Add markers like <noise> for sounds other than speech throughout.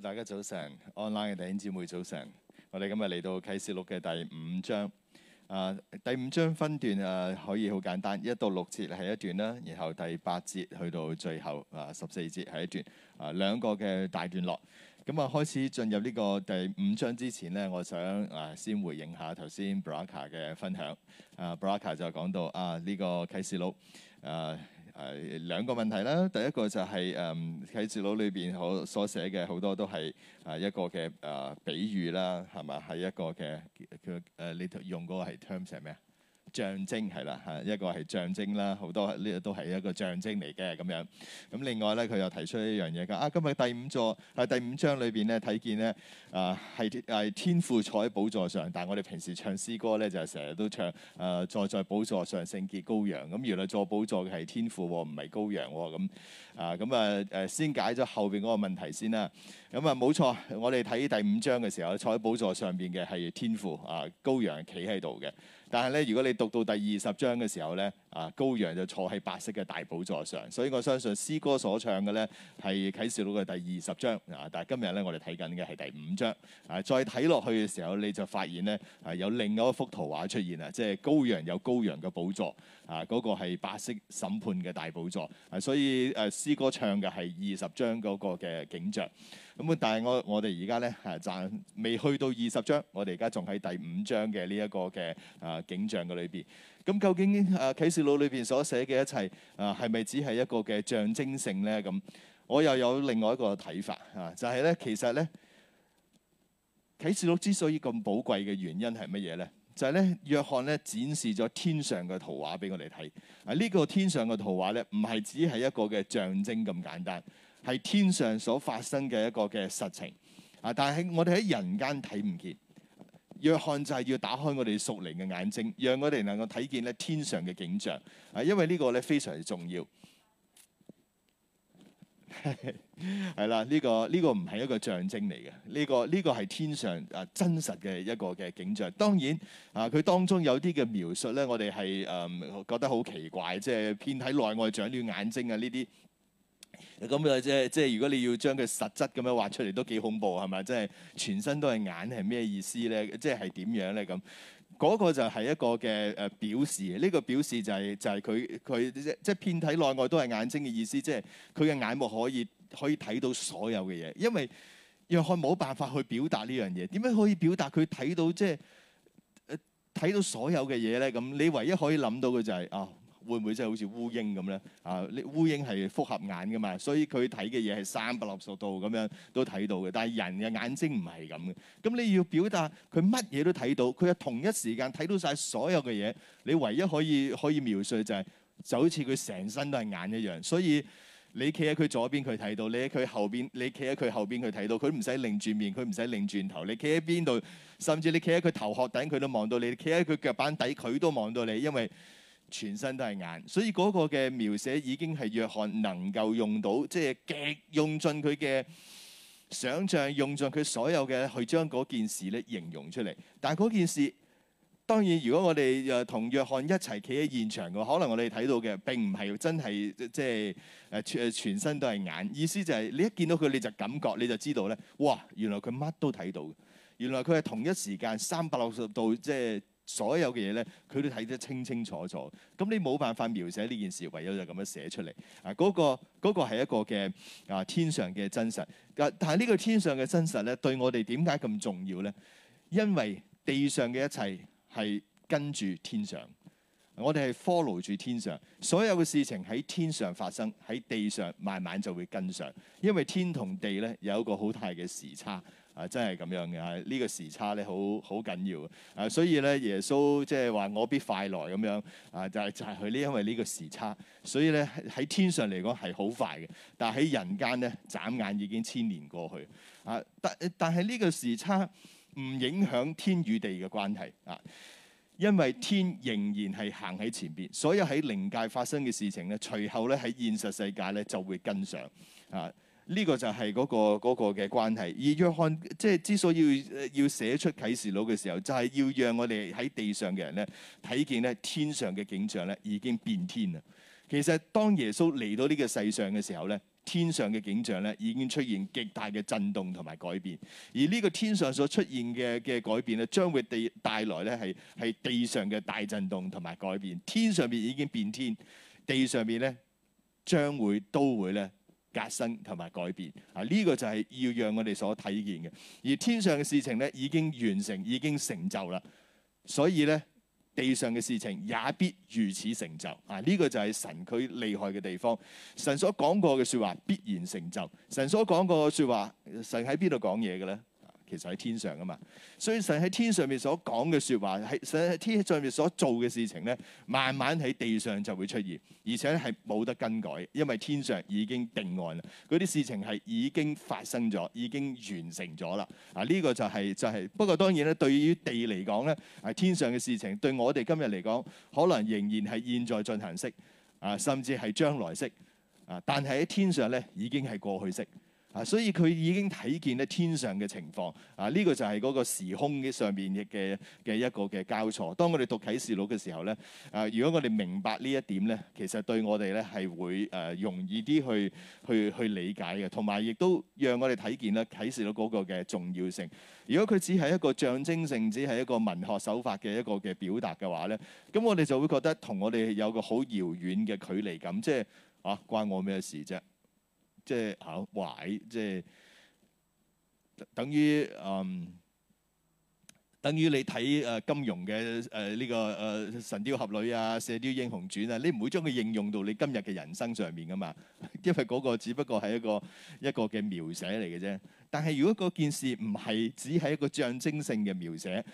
大家早晨，online 嘅弟兄姊妹早晨。我哋今日嚟到啟示錄嘅第五章。啊，第五章分段啊，可以好簡單，一到六節係一段啦，然後第八節去到最後啊，十四節係一段啊，兩個嘅大段落。咁啊，開始進入呢個第五章之前呢，我想啊，先回應下頭先 Braca、er、嘅分享。啊，Braca 就講到啊，呢、這個啟示錄啊。係兩個問題啦，第一個就係誒啟示錄裏邊可所寫嘅好多都係誒一個嘅誒、呃、比喻啦，係咪？係一個嘅佢誒你用個個 terms 係咩啊？象徵係啦，一個係象徵啦，好多呢都係一個象徵嚟嘅咁樣。咁另外咧，佢又提出一樣嘢㗎。啊，今日第五座係第五章裏邊咧睇見咧，啊係係天父坐喺寶座上，但係我哋平時唱詩歌咧就係成日都唱誒、呃、坐在寶座上聖潔羔羊。咁原來坐寶座嘅係天父，唔係羔羊咁啊。咁啊誒先解咗後邊嗰個問題先啦。咁啊冇錯，我哋睇第五章嘅時候，坐喺寶座上邊嘅係天父啊，羔羊企喺度嘅。但係咧，如果你讀到第二十章嘅時候咧，啊，羔羊就坐喺白色嘅大寶座上，所以我相信詩歌所唱嘅咧係啟示錄嘅第二十章啊。但係今日咧，我哋睇緊嘅係第五章啊。再睇落去嘅時候，你就發現咧啊，有另一幅圖畫出現啊，即係羔羊有羔羊嘅寶座啊，嗰、嗰個係白色審判嘅大寶座啊，所以誒，詩歌唱嘅係二十章嗰個嘅景象。咁啊！但係我我哋而家咧啊，暫未去到二十章，我哋而家仲喺第五章嘅呢一個嘅啊景象嘅裏邊。咁究竟《啊啟示錄》裏邊所寫嘅一切啊，係咪只係一個嘅象徵性咧？咁我又有另外一個睇法啊，就係咧，其實咧《啟示錄》之所以咁寶貴嘅原因係乜嘢咧？就係咧，約翰咧展示咗天上嘅圖畫俾我哋睇啊！呢個天上嘅圖畫咧，唔係只係一個嘅象徵咁簡單。係天上所發生嘅一個嘅實情啊！但係我哋喺人間睇唔見。約翰就係要打開我哋屬靈嘅眼睛，讓我哋能夠睇見咧天上嘅景象啊！因為呢個咧非常之重要。係 <laughs> 啦，呢個呢個唔係一個象徵嚟嘅，呢個呢個係天上啊真實嘅一個嘅景象。當然啊，佢當中有啲嘅描述咧，我哋係誒覺得好奇怪，即係偏喺內外長啲眼睛啊呢啲。咁啊，即係即係，如果你要將佢實質咁樣畫出嚟，都幾恐怖係咪？即係全身都係眼係咩意思咧？即係點樣咧？咁、那、嗰個就係一個嘅誒表示，呢、這個表示就係、是、就係佢佢即係即係遍體內外都係眼睛嘅意思，即係佢嘅眼目可以可以睇到所有嘅嘢，因為約翰冇辦法去表達呢樣嘢，點樣可以表達佢睇到即係睇到所有嘅嘢咧？咁你唯一可以諗到嘅就係、是、啊～、哦會唔會真係好似烏蠅咁咧？啊，你烏蠅係複合眼噶嘛，所以佢睇嘅嘢係三百六十度咁樣都睇到嘅。但係人嘅眼睛唔係咁嘅。咁你要表達佢乜嘢都睇到，佢係同一時間睇到晒所有嘅嘢。你唯一可以可以描述就係、是、就好似佢成身都係眼一樣。所以你企喺佢左邊，佢睇到；你喺佢後邊，你企喺佢後邊，佢睇到。佢唔使擰轉面，佢唔使擰轉頭。你企喺邊度，甚至你企喺佢頭殼頂，佢都望到你；企喺佢腳板底，佢都望到你，因為，全身都係眼，所以嗰個嘅描寫已經係約翰能夠用到，即係極用盡佢嘅想像，用盡佢所有嘅去將嗰件事咧形容出嚟。但係嗰件事，當然如果我哋誒、呃、同約翰一齊企喺現場嘅，可能我哋睇到嘅並唔係真係即係誒全全身都係眼。意思就係你一見到佢，你就感覺你就知道咧，哇！原來佢乜都睇到嘅，原來佢係同一時間三百六十度即係，所有嘅嘢咧，佢都睇得清清楚楚。咁你冇辦法描寫呢件事，唯有就咁樣寫出嚟。嗱，嗰個嗰個係一個嘅啊天上嘅真實。但但係呢個天上嘅真實咧，對我哋點解咁重要咧？因為地上嘅一切係跟住天上，我哋係 follow 住天上，所有嘅事情喺天上發生，喺地上慢慢就會跟上。因為天同地咧，有一個好大嘅時差。啊，真係咁樣嘅，呢個時差咧，好好緊要啊！所以咧，耶穌即係話我必快來咁樣啊，就係就係佢呢，因為呢個時差，所以咧喺天上嚟講係好快嘅，但喺人間咧，眨眼已經千年過去啊！但但係呢個時差唔影響天與地嘅關係啊，因為天仍然係行喺前邊，所有喺靈界發生嘅事情咧，隨後咧喺現實世界咧就會跟上啊。呢個就係嗰個嗰個嘅關係。而約翰即係之所以要要寫出啟示錄嘅時候，就係要讓我哋喺地上嘅人咧睇見咧天上嘅景象咧已經變天啦。其實當耶穌嚟到呢個世上嘅時候咧，天上嘅景象咧已經出現極大嘅震動同埋改變。而呢個天上所出現嘅嘅改變咧，將會地帶來咧係係地上嘅大震動同埋改變。天上邊已經變天，地上邊咧將會都會咧，革新同埋改變，啊呢個就係要讓我哋所體現嘅。而天上嘅事情咧已經完成，已經成就啦。所以咧地上嘅事情也必如此成就。啊呢個就係神佢厲害嘅地方。神所講過嘅説話必然成就。神所講過嘅説話，神喺邊度講嘢嘅咧？其實喺天上啊嘛，所以神喺天上面所講嘅説話，喺神喺天上面所做嘅事情咧，慢慢喺地上就會出現，而且係冇得更改，因為天上已經定案啦。嗰啲事情係已經發生咗，已經完成咗啦。啊，呢個就係就係，不過當然咧，對於地嚟講咧，啊天上嘅事情對我哋今日嚟講，可能仍然係現在進行式啊，甚至係將來式啊，但係喺天上咧已經係過去式。啊，所以佢已經睇見咧天上嘅情況。啊，呢、這個就係嗰個時空嘅上面嘅嘅一個嘅交錯。當我哋讀啟示錄嘅時候咧，啊，如果我哋明白呢一點咧，其實對我哋咧係會誒、呃、容易啲去去去理解嘅，同埋亦都讓我哋睇見咧啟示錄嗰個嘅重要性。如果佢只係一個象徵性，只係一個文學手法嘅一個嘅表達嘅話咧，咁我哋就會覺得同我哋有個好遙遠嘅距離感，即係啊關我咩事啫？即係嚇、啊、壞，即係等於嗯，等於你睇誒金庸嘅誒呢個誒神雕俠侶啊、射雕英雄傳啊，你唔會將佢應用到你今日嘅人生上面噶嘛？因為嗰個只不過係一個一個嘅描寫嚟嘅啫。但係如果嗰件事唔係只係一個象徵性嘅描寫。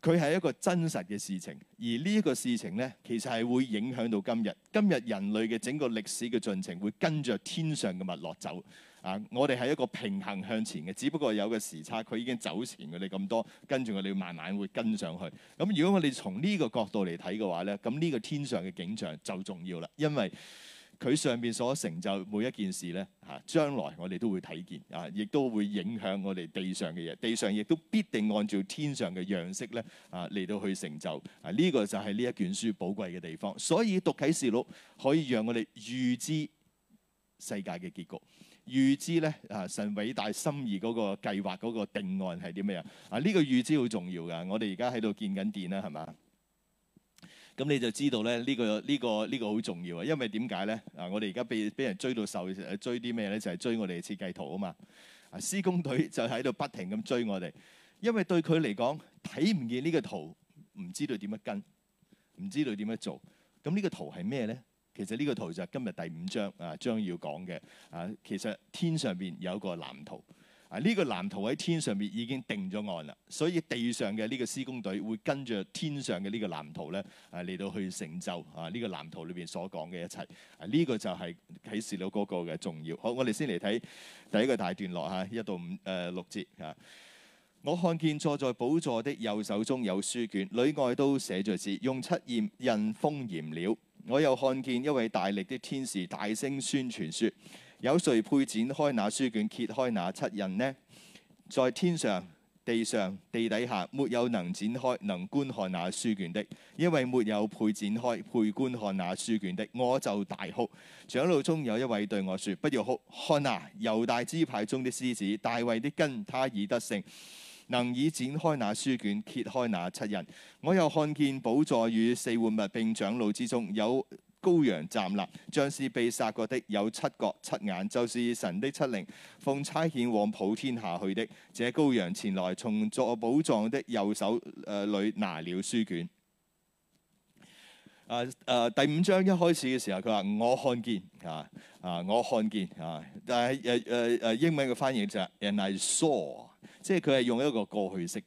佢係一個真實嘅事情，而呢一個事情呢，其實係會影響到今日。今日人類嘅整個歷史嘅進程，會跟著天上嘅脈絡走。啊，我哋係一個平衡向前嘅，只不過有個時差，佢已經走前咗我哋咁多，跟住我哋慢慢會跟上去。咁如果我哋從呢個角度嚟睇嘅話呢，咁呢個天上嘅景象就重要啦，因為。佢上邊所成就每一件事咧，嚇將來我哋都會睇見，啊，亦都會影響我哋地上嘅嘢。地上亦都必定按照天上嘅樣式咧，啊，嚟到去成就。啊，呢個就係呢一卷書寶貴嘅地方。所以讀啟示錄可以讓我哋預知世界嘅結局，預知咧，啊，神偉大心意嗰個計劃嗰個定案係啲咩啊？啊，呢個預知好重要㗎。我哋而家喺度見緊電啦，係咪？咁你就知道咧，呢個呢個呢個好重要啊！因為點解咧？啊，我哋而家被俾人追到受，追啲咩咧？就係追我哋設計圖啊嘛！啊，施工隊就喺度不停咁追我哋，因為對佢嚟講睇唔見呢個圖，唔知道點樣跟，唔知道點樣做。咁呢個圖係咩咧？其實呢個圖就今日第五章啊，將要講嘅啊，其實天上邊有一個藍圖。啊！呢個藍圖喺天上邊已經定咗案啦，所以地上嘅呢個施工隊會跟住天上嘅呢個藍圖咧，啊嚟到去成就啊呢個藍圖裏邊所講嘅一切。啊，呢個就係啟示錄嗰個嘅重要。好，我哋先嚟睇第一個大段落嚇，一到五誒、呃、六節啊。我看見坐在寶座的右手中有書卷，裏外都寫著字，用七鹽印封嚴了。我又看見一位大力的天使大聲，大聲宣傳說。有誰配展開那書卷、揭開那七印呢？在天上、地上、地底下，沒有能展開、能觀看那書卷的，因為沒有配展開、配觀看那書卷的。我就大哭。長老中有一位對我説：不要哭，看哪，猶大支派中的獅子、大衛的根，他已得勝，能以展開那書卷、揭開那七印。我又看見寶座與四活物並長老之中有。羔羊站立，像是被殺過的，有七角七眼，就是神的七靈，奉差遣往普天下去的。這羔羊前來，從坐寶座的右手誒裡拿了書卷。啊啊！第五章一開始嘅時候，佢話我看見啊啊，我看見啊，但係誒誒誒，英文嘅翻譯就係、and I saw，即係佢係用一個過去式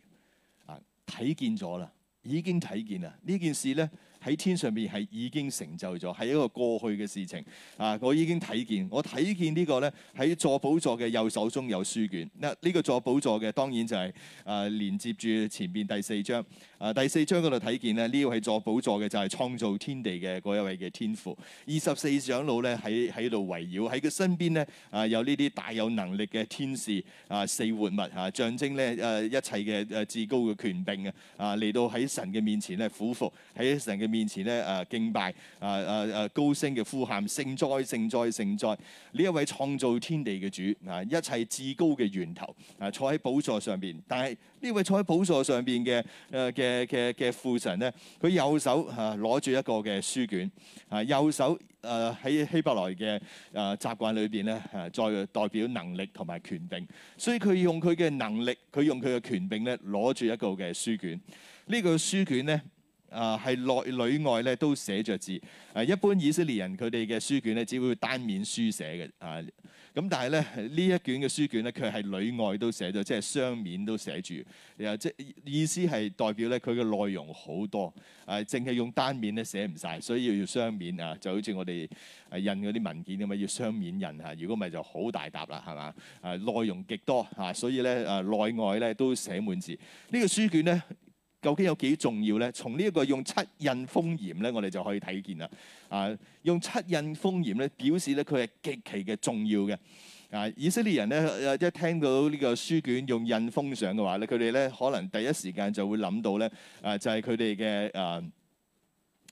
啊，睇見咗啦，已經睇見啦，呢件事咧。喺天上邊係已經成就咗，係一個過去嘅事情啊！我已經睇見，我睇見呢個咧，喺坐寶座嘅右手中有書卷。嗱，呢個坐寶座嘅當然就係誒連接住前邊第四章。誒第四章嗰度睇見呢，呢個係坐寶座嘅就係創造天地嘅嗰一位嘅天父。二十四長老咧喺喺度圍繞喺佢身邊咧，啊有呢啲大有能力嘅天使啊、四活物嚇，象徵咧誒一切嘅誒至高嘅權柄啊！啊嚟到喺神嘅面前咧俯伏。喺神嘅。面前咧誒敬拜誒誒誒高聲嘅呼喊，聖哉聖哉聖哉！呢一位創造天地嘅主啊，一切至高嘅源頭啊，坐喺寶座上邊。但係呢位坐喺寶座上邊嘅誒嘅嘅嘅父神咧，佢右手啊攞住一個嘅書卷啊，右手誒喺希伯來嘅誒習慣裏邊咧，係再代表能力同埋權柄，所以佢用佢嘅能力，佢用佢嘅權柄咧攞住一個嘅書卷。呢、呢個書卷咧。啊，係內裏外咧都寫着字。啊，一般以色列人佢哋嘅書卷咧只會單面書寫嘅。啊，咁但係咧呢一卷嘅書卷咧，佢係裏外都寫咗，即係雙面都寫住。然後即意思係代表咧佢嘅內容好多。啊，淨係用單面咧寫唔晒，所以要雙面啊。就好似我哋印嗰啲文件咁嘛，要雙面印嚇。如果唔係就好大沓啦，係嘛？啊，內容極多啊，所以咧啊，內外咧都寫滿字。呢個書卷咧。究竟有幾重要咧？從呢一個用七印封嚴咧，我哋就可以睇見啦。啊，用七印封嚴咧，表示咧佢係極其嘅重要嘅。啊，以色列人咧一聽到呢個書卷用印封上嘅話咧，佢哋咧可能第一時間就會諗到咧，啊，就係佢哋嘅啊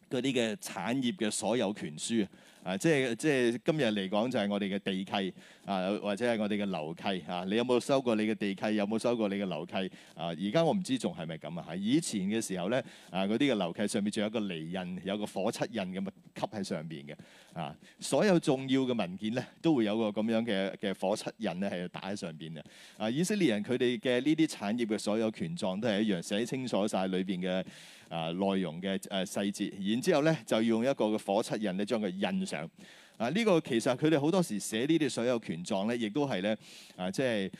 嗰啲嘅產業嘅所有權書。啊，即係即係今日嚟講就係我哋嘅地契啊，或者係我哋嘅樓契啊，你有冇收過你嘅地契？有冇收過你嘅樓契？啊，而家我唔知仲係咪咁啊！以前嘅時候咧，啊嗰啲嘅樓契上面仲有個釐印，有個火漆印咁啊，吸喺上邊嘅啊，所有重要嘅文件咧都會有個咁樣嘅嘅火漆印咧係打喺上邊嘅啊，以色列人佢哋嘅呢啲產業嘅所有權狀都係一樣寫清楚晒裏邊嘅。啊，內容嘅誒細節，然之後咧就要用一個嘅火漆印咧，將佢印上。啊，呢個其實佢哋好多時寫呢啲所有權狀咧，亦都係咧啊，即係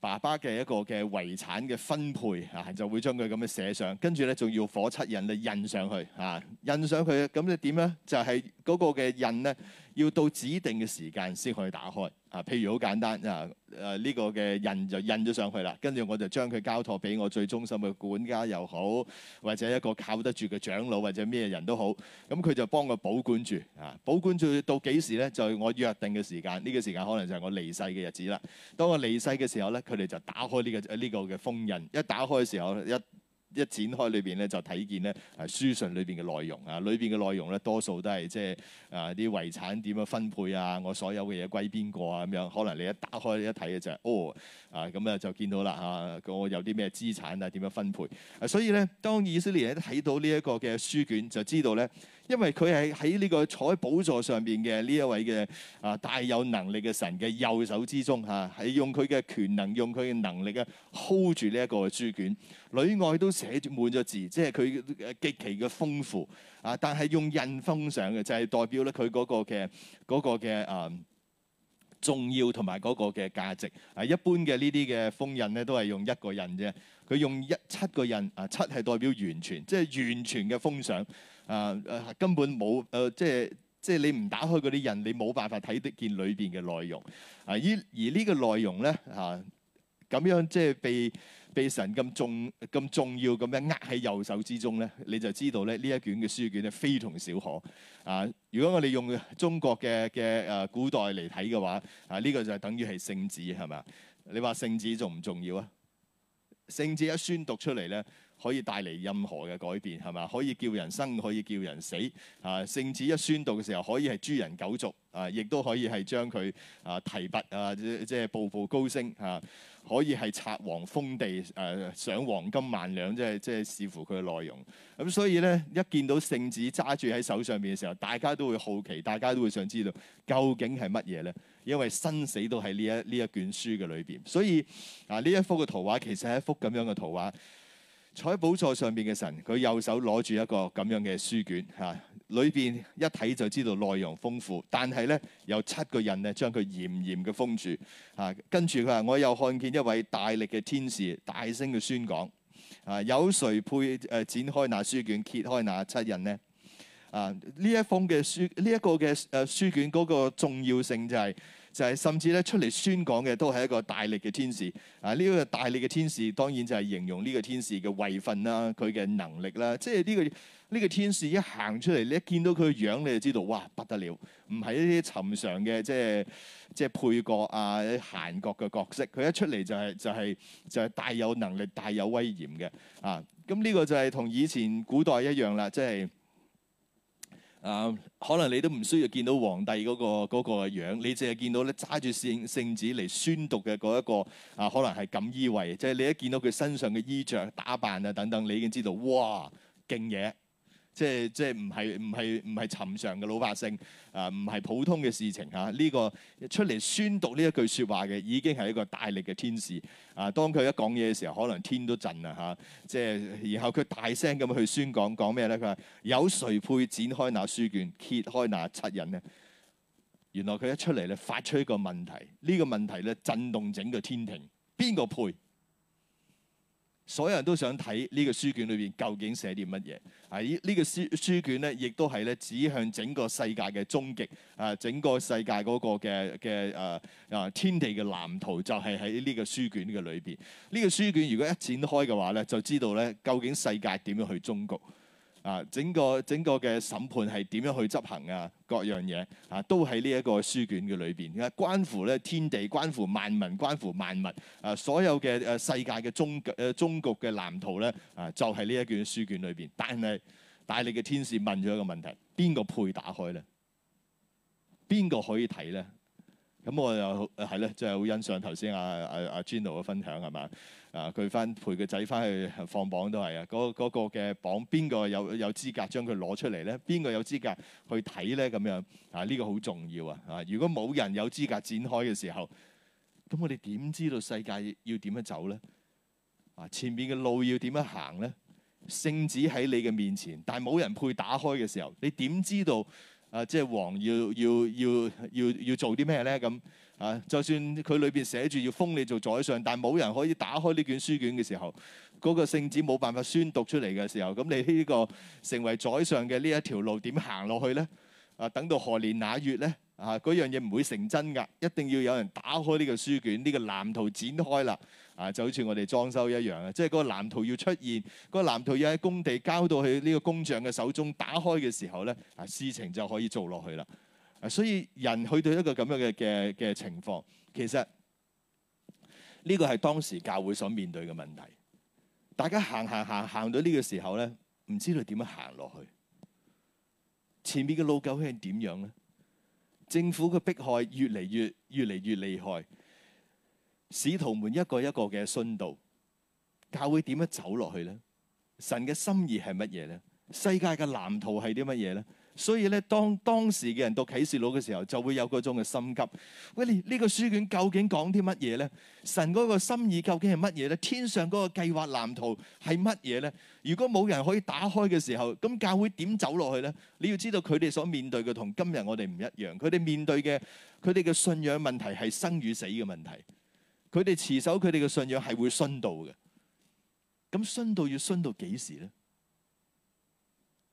爸爸嘅一個嘅遺產嘅分配啊，就會將佢咁樣寫上，跟住咧仲要火漆印咧印上去啊，印上去咁你點咧，就係嗰個嘅印咧要到指定嘅時間先可以打開。啊，譬如好簡單啊，誒、啊、呢、這個嘅印就印咗上去啦，跟住我就將佢交託俾我最忠心嘅管家又好，或者一個靠得住嘅長老或者咩人都好，咁佢就幫我保管住啊，保管住到幾時咧？就係、我約定嘅時間，呢、這個時間可能就係我離世嘅日子啦。當我離世嘅時候咧，佢哋就打開呢、這個呢、這個嘅封印，一打開嘅時候一。一展開裏邊咧，就睇見咧書信裏邊嘅內容啊，裏邊嘅內容咧，多數都係即係啊啲遺產點樣分配啊，我所有嘅嘢歸邊個啊咁樣。可能你一打開一睇嘅就係、是、哦啊，咁咧就見到啦嚇、啊，我有啲咩資產啊，點樣分配啊。所以咧，當以色列睇到呢一個嘅書卷，就知道咧。因為佢係喺呢個坐喺寶座上邊嘅呢一位嘅啊大有能力嘅神嘅右手之中嚇，係用佢嘅權能，用佢嘅能力啊 hold 住呢一個書卷。裏外都寫住滿咗字，即係佢極其嘅豐富啊！但係用印封上嘅就係代表咧佢嗰個嘅嗰個嘅啊重要同埋嗰個嘅價值啊。一般嘅呢啲嘅封印咧都係用一個印啫，佢用一七個印啊，七係代表完全，即係完全嘅封上。啊！誒、啊、根本冇誒、呃，即係即係你唔打開嗰啲印，你冇辦法睇得見裏邊嘅內容。啊！依而呢個內容咧嚇，咁、啊、樣即係被被神咁重咁、嗯、重要咁樣握喺右手之中咧，你就知道咧呢一卷嘅書卷咧非同小可。啊！如果我哋用中國嘅嘅誒古代嚟睇嘅話，啊呢、啊這個就係等於係聖旨係咪啊？你話聖旨重唔重要啊？聖旨一宣讀出嚟咧～可以帶嚟任何嘅改變，係嘛？可以叫人生，可以叫人死啊。聖旨一宣讀嘅時候，可以係誅人九族啊，亦都可以係將佢啊提拔啊，即、就、即、係、步步高升啊。可以係冊王封地誒、啊，賞黃金萬兩，即、就、即、係就係、視乎佢嘅內容咁。所以咧，一見到聖旨揸住喺手上邊嘅時候，大家都會好奇，大家都會想知道究竟係乜嘢咧？因為生死都喺呢一呢一卷書嘅裏邊，所以啊，呢一幅嘅圖畫其實係一幅咁樣嘅圖畫。坐喺寶座上邊嘅神，佢右手攞住一個咁樣嘅書卷，吓裏邊一睇就知道內容豐富。但係咧，有七個人咧將佢嚴嚴嘅封住。吓、啊，跟住佢話：我又看見一位大力嘅天使，大聲嘅宣講。啊，有誰配誒展開那書卷，揭開那七印呢？啊，呢一封嘅書，呢一個嘅誒書卷，嗰個重要性就係。就係甚至咧出嚟宣講嘅都係一個大力嘅天使啊！呢、這個大力嘅天使當然就係形容呢個天使嘅位分啦、佢嘅能力啦、啊。即係呢、這個呢、這個天使一行出嚟，你一見到佢嘅樣你就知道，哇，不得了！唔係一啲尋常嘅即係即係配角啊、閒角嘅角色。佢一出嚟就係、是、就係、是、就係、是、大有能力、大有威嚴嘅啊！咁、嗯、呢、這個就係同以前古代一樣啦，即係。啊，uh, 可能你都唔需要見到皇帝嗰個嗰個樣，你淨係見到咧揸住聖聖旨嚟宣讀嘅嗰一個啊，可能係錦衣衛，即係你一見到佢身上嘅衣着打扮啊等等，你已經知道，哇，勁嘢！即係即係唔係唔係唔係尋常嘅老百姓啊，唔係普通嘅事情嚇。呢、啊這個出嚟宣讀呢一句説話嘅，已經係一個大力嘅天使啊！當佢一講嘢嘅時候，可能天都震啦嚇。即、啊、係、啊、然後佢大聲咁去宣講講咩咧？佢話：有誰配展開那書卷，揭開那七印呢？」原來佢一出嚟咧，發出一個問題，呢、這個問題咧震動整個天庭，邊個配？所有人都想睇呢個書卷裏邊究竟寫啲乜嘢？喺呢個書書卷咧，亦都係咧指向整個世界嘅終極啊！整個世界嗰個嘅嘅誒啊天地嘅藍圖就係喺呢個書卷嘅裏邊。呢個書卷如果一展開嘅話咧，就知道咧究竟世界點樣去終局。啊，整個整個嘅審判係點樣去執行啊？各樣嘢啊，都喺呢一個書卷嘅裏邊，關乎咧天地，關乎萬民，關乎萬物。啊，所有嘅誒世界嘅中誒終局嘅藍圖咧，啊，就係、啊、呢一卷、啊啊、書卷裏邊。但係大力嘅天使問咗一個問題：邊個配打開咧？邊個可以睇咧？咁我又係咧，真係好欣賞頭先阿阿阿 Juno 嘅分享係嘛？啊！佢翻陪個仔翻去放榜都係啊！嗰、嗰個嘅、嗰個、榜邊個有、有資格將佢攞出嚟咧？邊個有資格去睇咧？咁樣啊！呢、啊呢個好重要啊！啊！如果冇人有資格展開嘅時候，咁我哋點知道世界要點樣走咧？啊！前面嘅路要點樣行咧？聖旨喺你嘅面前，但係冇人配打開嘅時候，你點知道啊？即、就、係、是、王要要要要要做啲咩咧？咁、啊？啊啊！就算佢裏邊寫住要封你做宰相，但冇人可以打開呢卷書卷嘅時候，嗰個聖旨冇辦法宣讀出嚟嘅時候，咁你呢個成為宰相嘅呢一條路點行落去咧？啊，等到何年那月咧？啊，嗰樣嘢唔會成真㗎，一定要有人打開呢個書卷，呢個藍圖展開啦。啊，就好似我哋裝修一樣啊，即係嗰個藍圖要出現，嗰個藍圖要喺工地交到去呢個工匠嘅手中打開嘅時候咧，啊，事情就可以做落去啦。所以人去到一個咁樣嘅嘅嘅情況，其實呢個係當時教會所面對嘅問題。大家行行行行到呢個時候咧，唔知道點樣行落去。前面嘅路究竟係點樣咧？政府嘅迫害越嚟越越嚟越厲害。使徒們一個一個嘅殉道，教會點樣走落去咧？神嘅心意係乜嘢咧？世界嘅藍圖係啲乜嘢咧？所以咧，當當時嘅人讀啟示錄嘅時候，就會有嗰種嘅心急。喂，你，呢個書卷究竟講啲乜嘢咧？神嗰個心意究竟係乜嘢咧？天上嗰個計劃藍圖係乜嘢咧？如果冇人可以打開嘅時候，咁教會點走落去咧？你要知道佢哋所面對嘅同今日我哋唔一樣。佢哋面對嘅，佢哋嘅信仰問題係生與死嘅問題。佢哋持守佢哋嘅信仰係會殉道嘅。咁殉道要殉到幾時咧？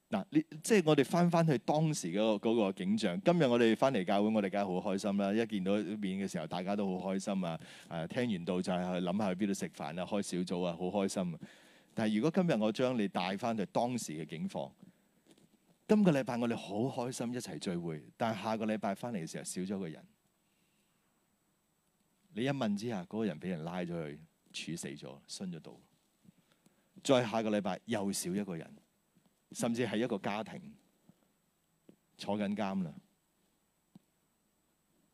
嗱，你即係我哋翻翻去當時嗰個景象。今日我哋翻嚟教會，我哋梗係好開心啦！一見到面嘅時候，大家都好開心啊！誒，聽完道就係去諗下去邊度食飯啊，開小組啊，好開心。啊！想想，但係如果今日我將你帶翻去當時嘅境況，今個禮拜我哋好開心一齊聚會，但係下個禮拜翻嚟嘅時候少咗個人。你一問之下，嗰個人俾人拉咗去處死咗，殉咗道。再下個禮拜又少一個人。甚至係一個家庭坐緊監啦。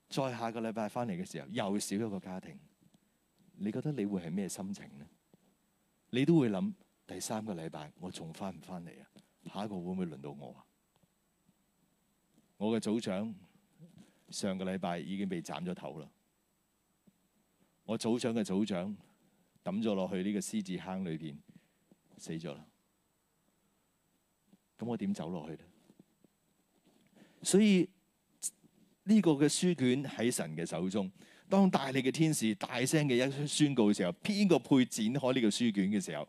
再下個禮拜翻嚟嘅時候，又少一個家庭。你覺得你會係咩心情呢？你都會諗第三個禮拜我仲翻唔翻嚟啊？下一個會唔會輪到我啊？我嘅組長上個禮拜已經被斬咗頭啦。我組長嘅組長抌咗落去呢個獅子坑裏邊死咗啦。咁我點走落去咧？所以呢、這個嘅書卷喺神嘅手中，當大力嘅天使大聲嘅一宣告嘅時候，邊個配展開呢個書卷嘅時候？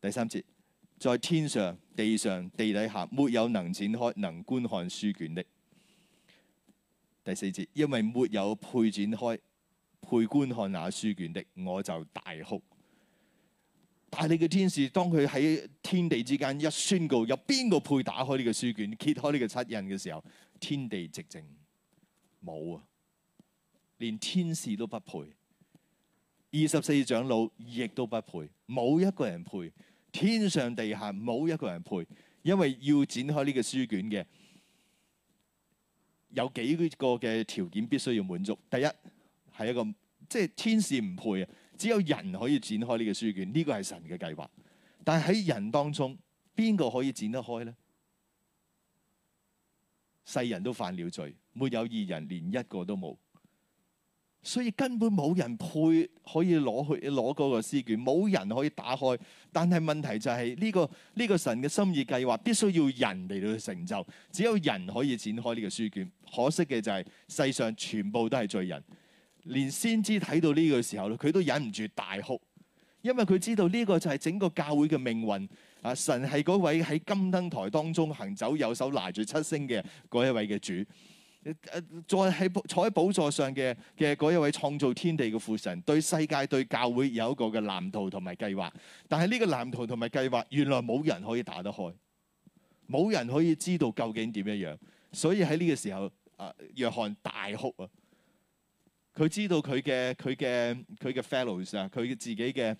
第三節，在天上、地上、地底下，沒有能展開、能觀看書卷的。第四節，因為沒有配展開、配觀看那書卷的，我就大哭。但係你嘅天使，當佢喺天地之間一宣告，有邊個配打開呢個書卷、揭開呢個七印嘅時候，天地寂靜，冇啊，連天使都不配，二十四長老亦都不配，冇一個人配，天上地下冇一個人配，因為要展開呢個書卷嘅，有幾個嘅條件必須要滿足。第一係一個，即係天使唔配啊。只有人可以展開呢個書卷，呢、這個係神嘅計劃。但係喺人當中，邊個可以展得開呢？世人都犯了罪，沒有義人，連一個都冇。所以根本冇人配可以攞去攞嗰個書卷，冇人可以打開。但係問題就係、是、呢、這個呢、這個神嘅心意計劃必須要人嚟到去成就，只有人可以展開呢個書卷。可惜嘅就係世上全部都係罪人。連先知睇到呢個時候，佢都忍唔住大哭，因為佢知道呢個就係整個教會嘅命運。啊，神係嗰位喺金燈台當中行走，右手拿住七星嘅嗰一位嘅主。誒再喺坐喺寶座上嘅嘅嗰一位創造天地嘅父神，對世界對教會有一個嘅藍圖同埋計劃。但係呢個藍圖同埋計劃，原來冇人可以打得開，冇人可以知道究竟點樣樣。所以喺呢個時候，啊，約翰大哭啊！佢知道佢嘅佢嘅佢嘅 fellows 啊，佢自己嘅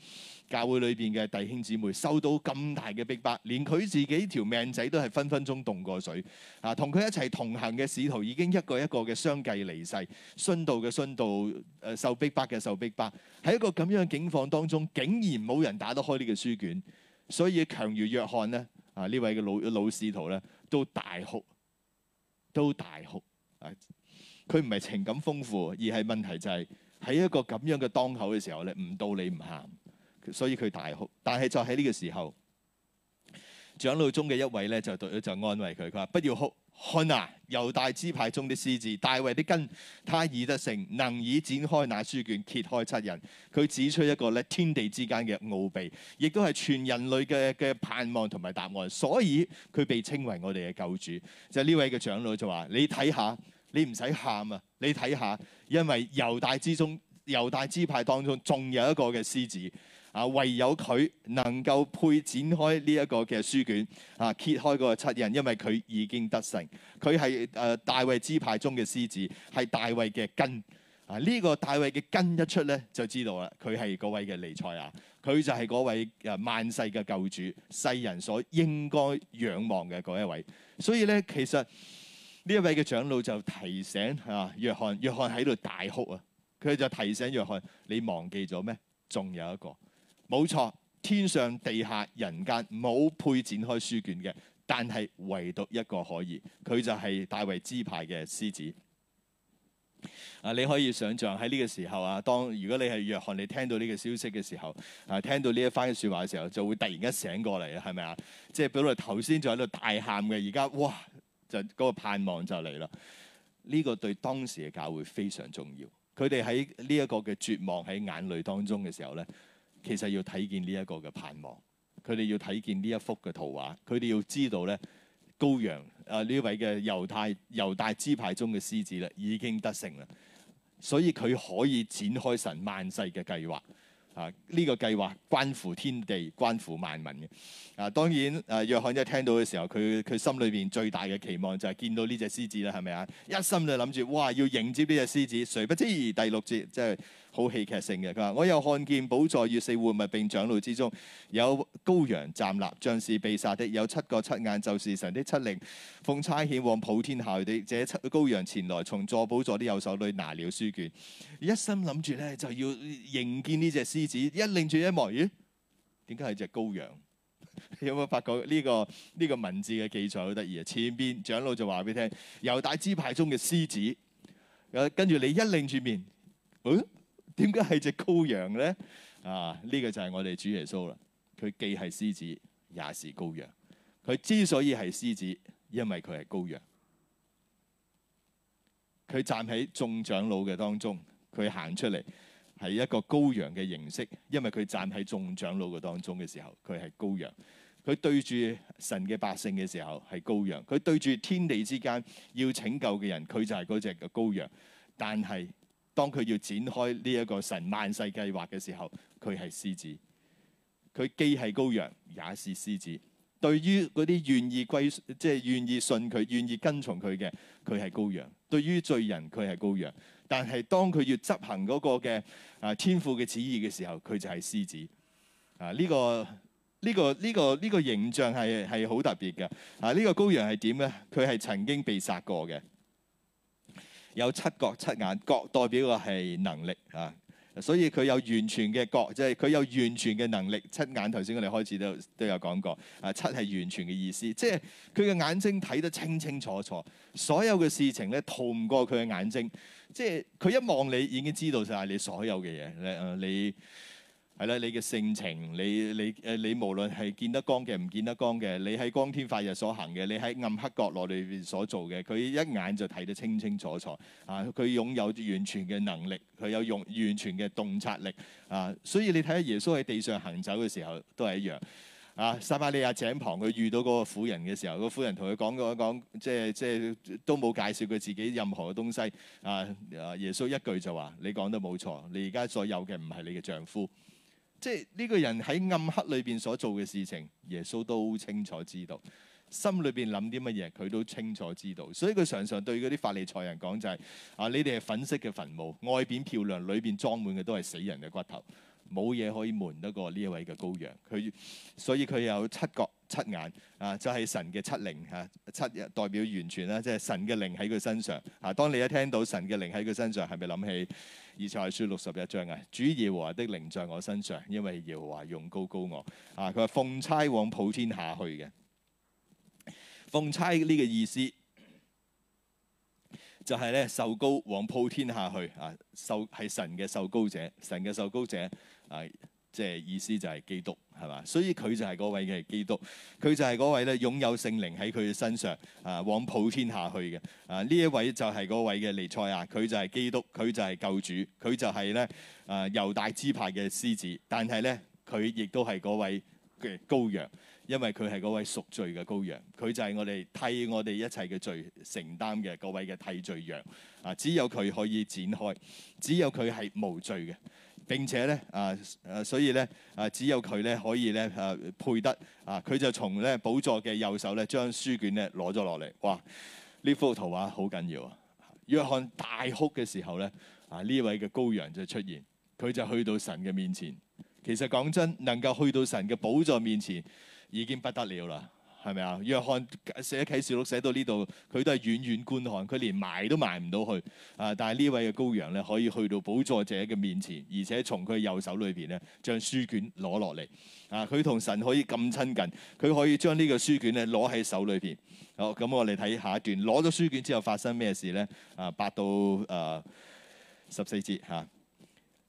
教會裏邊嘅弟兄姊妹受到咁大嘅逼迫，連佢自己條命仔都係分分鐘凍過水啊！同佢一齊同行嘅使徒已經一個一個嘅相繼離世，殉道嘅殉道，誒、呃、受逼迫嘅受逼迫。喺一個咁樣嘅境況當中，竟然冇人打得開呢個書卷，所以強如約翰咧，啊呢位嘅老老使徒咧，都大哭，都大哭啊！佢唔係情感豐富，而係問題就係、是、喺一個咁樣嘅當口嘅時候咧，唔到你唔喊，所以佢大哭。但係就喺呢個時候，長老中嘅一位咧就就安慰佢，佢話：不要哭，看哪，猶大支派中的獅子，大衛的根，他已得勝，能以展開那書卷，揭開七印。佢指出一個咧天地之間嘅奧秘，亦都係全人類嘅嘅盼望同埋答案，所以佢被稱為我哋嘅救主。就呢、是、位嘅長老就話：你睇下。你唔使喊啊！你睇下，因為猶大之中、猶大支派當中，仲有一個嘅獅子啊，唯有佢能夠配展開呢一個嘅書卷啊，揭開嗰個七印，因為佢已經得勝。佢係誒大衛支派中嘅獅子，係大衛嘅根啊。呢、這個大衛嘅根一出咧，就知道啦，佢係嗰位嘅尼賽啊，佢就係嗰位誒萬世嘅救主，世人所應該仰望嘅嗰一位。所以咧，其實。呢一位嘅長老就提醒啊，約翰，約翰喺度大哭啊。佢就提醒約翰：你忘記咗咩？仲有一個，冇錯，天上、地下、人間冇配展開書卷嘅，但係唯獨一個可以，佢就係大衛支派嘅獅子。啊，你可以想象喺呢個時候啊，當如果你係約翰，你聽到呢個消息嘅時候，啊，聽到呢一番説話嘅時候，就會突然間醒過嚟，係咪啊？即係表達頭先仲喺度大喊嘅，而家哇！就嗰個盼望就嚟啦！呢個對當時嘅教會非常重要。佢哋喺呢一個嘅絕望喺眼淚當中嘅時候咧，其實要睇見呢一個嘅盼望。佢哋要睇見呢一幅嘅圖畫。佢哋要知道咧，羔羊啊，呢位嘅猶太猶大支派中嘅獅子咧，已經得勝啦，所以佢可以展開神萬世嘅計劃。啊！呢、這個計劃關乎天地，關乎萬民嘅。啊，當然，誒、啊，約翰一聽到嘅時候，佢佢心裏邊最大嘅期望就係見到呢隻獅子啦，係咪啊？一心就諗住，哇！要迎接呢隻獅子。誰不知第六節即係，就是好戲劇性嘅，佢話：我又看見寶座與四活物並長老之中，有羔羊站立，像是被殺的。有七個七眼，就是神的七靈，奉差遣往普天下的這羔羊前來，從座寶座的右手裏拿了書卷，一心諗住咧就要迎見呢隻獅子。一擰住一望，咦？點解係隻羔羊？ <laughs> 有冇發覺呢、這個呢、這個文字嘅記載好得意啊？前邊長老就話俾你聽，猶大支派中嘅獅子，跟住你一擰住面，嗯？點解係隻羔羊呢？啊，呢個就係我哋主耶穌啦。佢既係獅子，也是羔羊。佢之所以係獅子，因為佢係羔羊。佢站喺眾長老嘅當中，佢行出嚟係一個羔羊嘅形式，因為佢站喺眾長老嘅當中嘅時候，佢係羔羊。佢對住神嘅百姓嘅時候係羔羊，佢對住天地之間要拯救嘅人，佢就係嗰隻嘅羔羊。但係，當佢要展開呢一個神萬世計劃嘅時候，佢係獅子，佢既係羔羊，也是獅子。對於嗰啲願意歸，即係願意信佢、願意跟從佢嘅，佢係羔羊；對於罪人，佢係羔羊。但係當佢要執行嗰個嘅啊天父嘅旨意嘅時候，佢就係獅子。啊，呢個呢個呢個呢個形象係係好特別嘅。啊，呢個羔羊係點咧？佢係曾經被殺過嘅。有七角七眼，角代表嘅係能力啊，所以佢有完全嘅角，即係佢有完全嘅能力。七眼頭先我哋開始都都有講過，啊七係完全嘅意思，即係佢嘅眼睛睇得清清楚楚，所有嘅事情咧逃唔過佢嘅眼睛，即係佢一望你已經知道晒你所有嘅嘢，你。你係啦，你嘅性情，你你誒你，你無論係見得光嘅，唔見得光嘅，你喺光天化日所行嘅，你喺暗黑角落裏邊所做嘅，佢一眼就睇得清清楚楚啊！佢擁有完全嘅能力，佢有用完全嘅洞察力啊！所以你睇下耶穌喺地上行走嘅時候都係一樣啊！撒瑪利亞井旁佢遇到嗰個婦人嘅時候，啊、個婦人同佢講講講，即係即係都冇介紹佢自己任何嘅東西啊！啊！耶穌一句就話：你講得冇錯，你而家所有嘅唔係你嘅丈夫。即係呢、這個人喺暗黑裏邊所做嘅事情，耶穌都清楚知道，心裏邊諗啲乜嘢佢都清楚知道，所以佢常常對嗰啲法利賽人講就係：啊，你哋係粉色嘅墳墓，外邊漂亮，裏邊裝滿嘅都係死人嘅骨頭。冇嘢可以瞞得過呢一位嘅羔羊，佢所以佢有七角七眼啊，就係神嘅七靈啊，七代表完全啦，即係神嘅靈喺佢身上。啊，當你一聽到神嘅靈喺佢身上是是，係咪諗起以賽亞書六十一章啊？主耶和華的靈在我身上，因為耶和華用膏膏我啊。佢話奉差往普天下去嘅，奉差呢個意思就係咧受膏往普天下去啊，受係神嘅受膏者，神嘅受膏者。啊，即係意思就係基督係嘛，所以佢就係嗰位嘅基督，佢就係嗰位咧擁有聖靈喺佢嘅身上，啊，往普天下去嘅，啊呢一位就係嗰位嘅彌賽亞，佢就係基督，佢就係救主，佢就係咧啊猶大支派嘅獅子，但係咧佢亦都係嗰位嘅羔羊，因為佢係嗰位贖罪嘅羔羊，佢就係我哋替我哋一切嘅罪承擔嘅嗰位嘅替罪羊，啊只有佢可以展開，只有佢係無罪嘅。並且咧啊誒，所以咧啊，只有佢咧可以咧誒配得啊，佢就從咧寶座嘅右手咧將書卷咧攞咗落嚟。哇！呢幅圖畫好緊要啊！約翰大哭嘅時候咧啊，呢位嘅羔羊就出現，佢就去到神嘅面前。其實講真，能夠去到神嘅寶座面前已經不得了啦。係咪啊？約翰寫啟示錄寫到呢度，佢都係遠遠觀看，佢連埋都埋唔到去啊！但係呢位嘅羔羊咧，可以去到寶座者嘅面前，而且從佢右手裏邊咧，將書卷攞落嚟啊！佢同神可以咁親近，佢可以將呢個書卷咧攞喺手裏邊。好，咁我哋睇下一段，攞咗書卷之後發生咩事咧？啊，八到誒十四節嚇。啊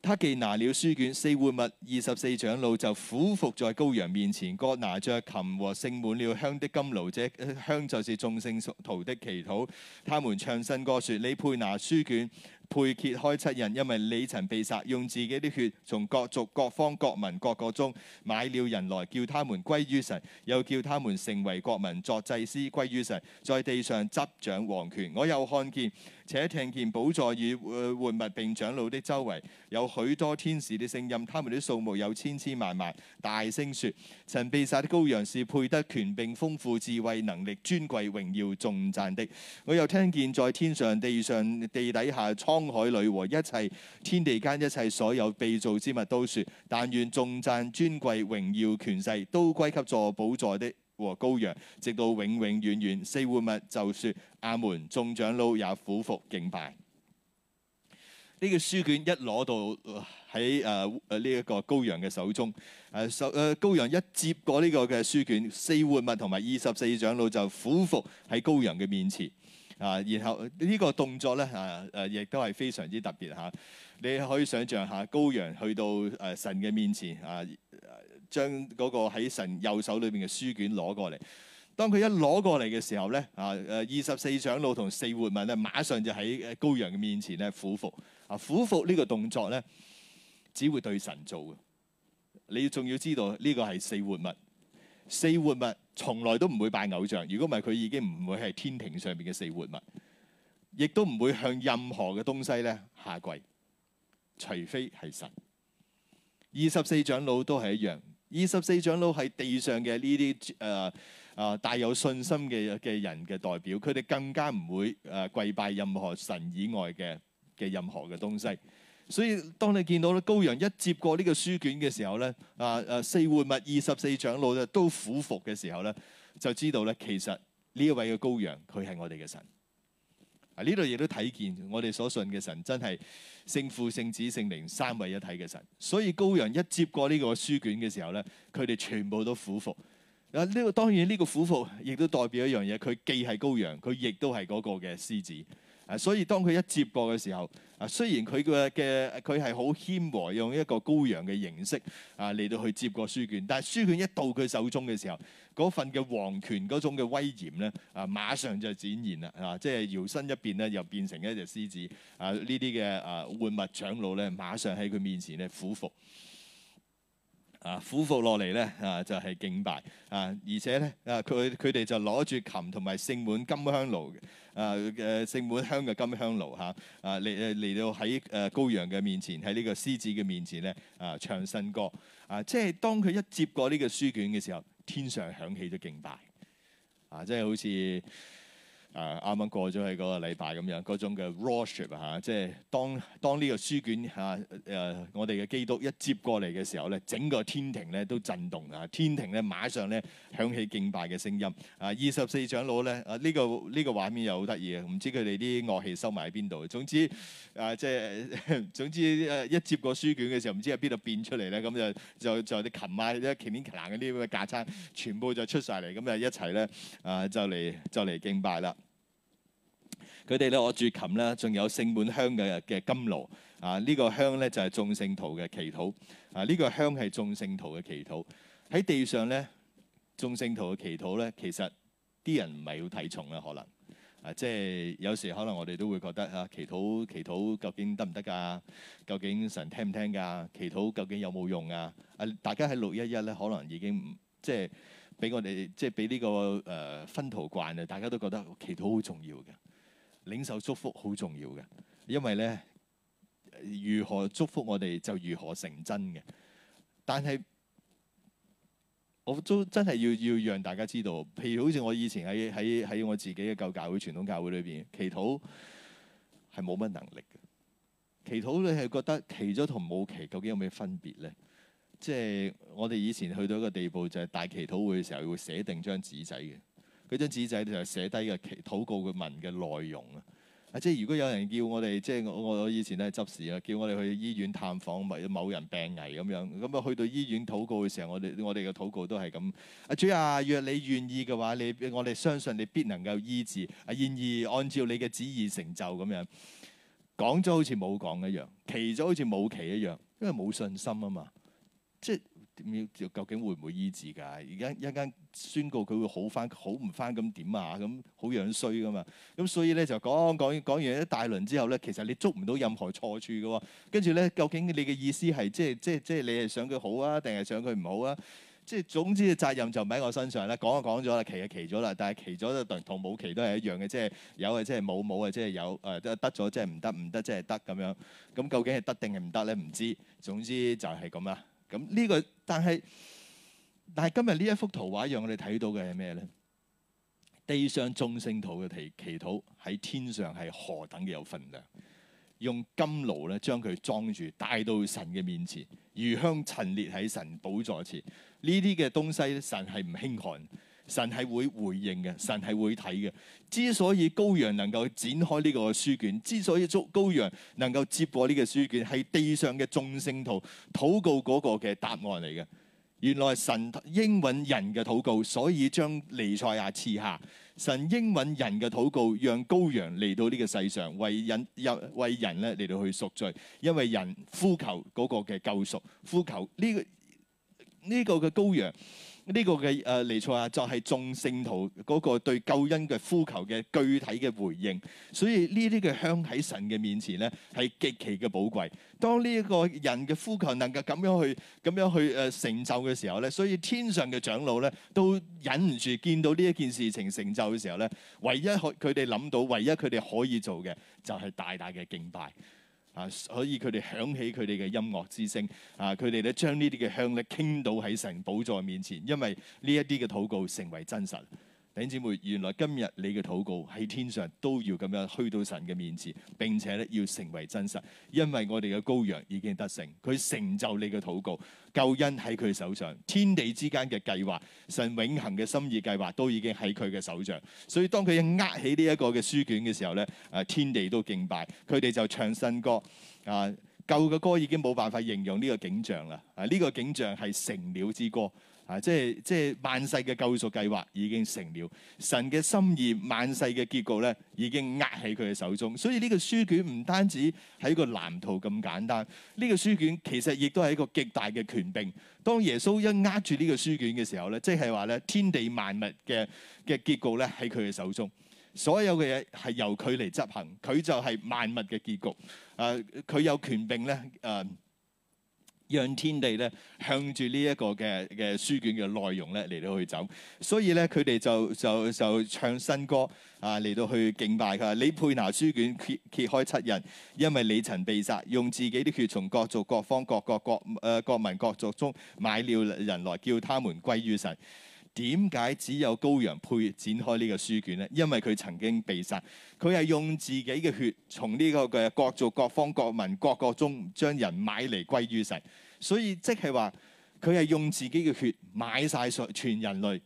他既拿了書卷，四活物、二十四長老就俯伏在羔羊面前，各拿着琴和盛滿了香的金爐，這香就是眾聖徒的祈禱。他們唱新歌說，説：你配拿書卷，配揭開七印，因為你曾被殺，用自己的血從各族、各方、各民、各國中買了人來，叫他們歸於神，又叫他們成為國民、作祭司歸於神，在地上執掌王權。我又看見。且聽見寶座與活物並長老的周圍有許多天使的聲音，他們的數目有千千萬萬，大聲說：曾被殺的羔羊是配得權柄豐富智慧能力尊貴榮耀重讚的。我又聽見在天上地上地底下滄海裏和一切天地間一切所有被造之物都說：但願重讚尊貴榮耀權勢都歸給坐寶座的。和羔羊，直到永永遠遠。四活物就説：阿門！眾長老也俯伏敬拜。呢、這個書卷一攞到喺誒，誒呢一個羔羊嘅手中，誒首誒羔羊一接過呢個嘅書卷，四活物同埋二十四長老就俯伏喺羔羊嘅面前。啊，然後呢個動作咧啊，誒、呃，亦都係非常之特別嚇。你可以想象下，羔羊去到誒、呃、神嘅面前啊。將嗰個喺神右手裏邊嘅書卷攞過嚟。當佢一攞過嚟嘅時候咧，啊誒，二十四長老同四活物咧，馬上就喺羔羊面前咧俯伏。啊，俯伏呢個動作咧，只會對神做。你仲要知道呢個係四活物，四活物從來都唔會拜偶像。如果唔係，佢已經唔會係天庭上邊嘅四活物，亦都唔會向任何嘅東西咧下跪，除非係神。二十四長老都係一樣。二十四長老係地上嘅呢啲誒誒大有信心嘅嘅人嘅代表，佢哋更加唔會誒跪拜任何神以外嘅嘅任何嘅東西。所以當你見到咧羔羊一接過呢個書卷嘅時候咧，啊啊四活物、二十四長老咧都俯伏嘅時候咧，就知道咧其實呢一位嘅羔羊佢係我哋嘅神。呢度亦都睇見我哋所信嘅神真係聖父、聖子、聖靈三位一體嘅神，所以羔羊一接過呢個書卷嘅時候咧，佢哋全部都俯伏。啊，呢個當然呢個俯伏亦都代表一樣嘢，佢既係羔羊，佢亦都係嗰個嘅獅子。啊，所以當佢一接過嘅時候，啊，雖然佢嘅嘅佢係好謙和，用一個羔羊嘅形式啊嚟到去接過書卷，但係書卷一到佢手中嘅時候，嗰份嘅皇權嗰種嘅威嚴咧，啊，馬上就展現啦，啊，即係搖身一變咧，又變成一隻獅子，啊，呢啲嘅啊，活物長老咧，馬上喺佢面前咧俯伏。啊，俯伏落嚟咧，啊，就係敬拜啊，而且咧，啊，佢佢哋就攞住琴同埋盛滿金香爐，啊嘅盛滿香嘅金香爐嚇，啊嚟嚟到喺誒羔羊嘅面前，喺呢個獅子嘅面前咧，啊唱新歌，啊即係當佢一接過呢個書卷嘅時候，天上響起咗敬拜，啊即係好似。啊，啱啱過咗去嗰個禮拜咁樣，嗰種嘅 worship 啊嚇，即係當當呢個書卷嚇誒，我哋嘅基督一接過嚟嘅時候咧，整個天庭咧都震動啊！天庭咧馬上咧響起敬拜嘅聲音啊！二十四長老咧，啊呢個呢個畫面又好得意嘅，唔知佢哋啲樂器收埋喺邊度？總之啊，即係總之一接過書卷嘅時候，唔知喺邊度變出嚟咧？咁就就就啲琴晚啲鍵琴啊嗰啲咁嘅架撐，全部就出晒嚟，咁啊一齊咧啊就嚟就嚟敬拜啦！佢哋咧，攞住琴啦，仲有盛滿香嘅嘅金爐啊！呢個香咧就係眾聖徒嘅祈禱啊！呢個香係眾聖徒嘅祈禱喺地上咧，眾聖徒嘅祈禱咧，其實啲人唔係好睇重啦，可能啊，即係有時可能我哋都會覺得啊，祈禱祈禱究竟得唔得㗎？究竟神聽唔聽㗎，啊？祈禱究竟有冇用啊？啊，大家喺六一一咧，可能已經即係俾我哋即係俾呢個誒、呃、分途慣啊，大家都覺得祈禱好重要嘅。領受祝福好重要嘅，因為咧如何祝福我哋就如何成真嘅。但係我都真係要要讓大家知道，譬如好似我以前喺喺喺我自己嘅舊教會、傳統教會裏邊，祈禱係冇乜能力嘅。祈禱你係覺得祈咗同冇祈究竟有咩分別咧？即係我哋以前去到一個地步，就係大祈禱會嘅時候會寫定張紙仔嘅。佢張紙仔就寫低嘅祈禱告嘅文嘅內容啊，啊即係如果有人叫我哋，即係我我以前都係執事啊，叫我哋去醫院探訪或者某人病危咁樣，咁啊去到醫院禱告嘅時候，我哋我哋嘅禱告都係咁，阿、啊、主啊，若你願意嘅話，你我哋相信你必能夠醫治，然、啊、而按照你嘅旨意成就咁樣，講咗好似冇講一樣，祈咗好似冇祈一樣，因為冇信心啊嘛，即係。究竟會唔會醫治㗎？而家一陣間宣告佢會好翻，好唔翻咁點啊？咁好樣衰噶嘛？咁所以咧就講講完講完一大輪之後咧，其實你捉唔到任何錯處嘅、啊。跟住咧，究竟你嘅意思係即係即係即係你係想佢好啊，定係想佢唔好啊？即係總之責任就唔喺我身上啦。講啊講咗啦，祈啊祈咗啦，但係祈咗就同冇祈都係一樣嘅，即係有啊，即係冇；冇啊，即係有。誒、呃、得咗即係唔得，唔得即係得咁樣。咁究竟係得定係唔得咧？唔知。總之就係咁啦。咁呢、這個，但係但係今日呢一幅圖畫，讓我哋睇到嘅係咩咧？地上眾聖徒嘅祈祈禱喺天上係何等嘅有分量？用金爐咧將佢裝住，帶到神嘅面前，如香陳列喺神寶座前。呢啲嘅東西咧，神係唔輕看。神係會回應嘅，神係會睇嘅。之所以羔羊能夠展開呢個書卷，之所以祝羔羊能夠接過呢個書卷，係地上嘅眾聖徒禱告嗰個嘅答案嚟嘅。原來神應允人嘅禱告，所以將尼賽亞賜下。神應允人嘅禱告，讓羔羊嚟到呢個世上，為人入為人咧嚟到去贖罪，因為人呼求嗰個嘅救贖，呼求呢個呢個嘅羔羊。呢個嘅誒嚟錯啊，就係眾聖徒嗰個對救恩嘅呼求嘅具體嘅回應。所以呢啲嘅香喺神嘅面前咧，係極其嘅寶貴。當呢一個人嘅呼求能夠咁樣去、咁樣去誒成就嘅時候咧，所以天上嘅長老咧都忍唔住見到呢一件事情成就嘅時候咧，唯一可佢哋諗到、唯一佢哋可以做嘅，就係大大嘅敬拜。啊！可以佢哋響起佢哋嘅音樂之聲，啊！佢哋咧將呢啲嘅香咧傾倒喺神寶座面前，因為呢一啲嘅禱告成為真實。兄姊妹，原來今日你嘅禱告喺天上都要咁樣去到神嘅面前，並且咧要成為真實，因為我哋嘅羔羊已經得勝，佢成就你嘅禱告，救恩喺佢手上，天地之間嘅計劃，神永恆嘅心意計劃，都已經喺佢嘅手上。所以當佢一握起呢一個嘅書卷嘅時候咧，誒天地都敬拜，佢哋就唱新歌，啊舊嘅歌已經冇辦法形容呢個景象啦，啊、這、呢個景象係成鳥之歌。啊！即係即係萬世嘅救贖計劃已經成了，神嘅心意萬世嘅結局咧已經握喺佢嘅手中。所以呢個書卷唔單止係一個藍圖咁簡單，呢個書卷其實亦都係一個極大嘅權柄。當耶穌一握住呢個書卷嘅時候咧，即係話咧天地萬物嘅嘅結局咧喺佢嘅手中，所有嘅嘢係由佢嚟執行，佢就係萬物嘅結局。誒，佢有權柄咧，誒。讓天地咧向住呢一個嘅嘅書卷嘅內容咧嚟到去走，所以咧佢哋就就就，就唱新歌啊嚟到去敬拜佢。你配拿書卷揭揭開七印，因為你曾被殺，用自己啲血從各族，各，族各方各國、呃、各誒國民各族中買了人來叫他們歸於神。點解只有羔羊配展開呢個書卷呢？因為佢曾經被殺，佢係用自己嘅血從呢個嘅各族各方各民各各中將人買嚟歸於神。所以即係話佢係用自己嘅血買曬全人類，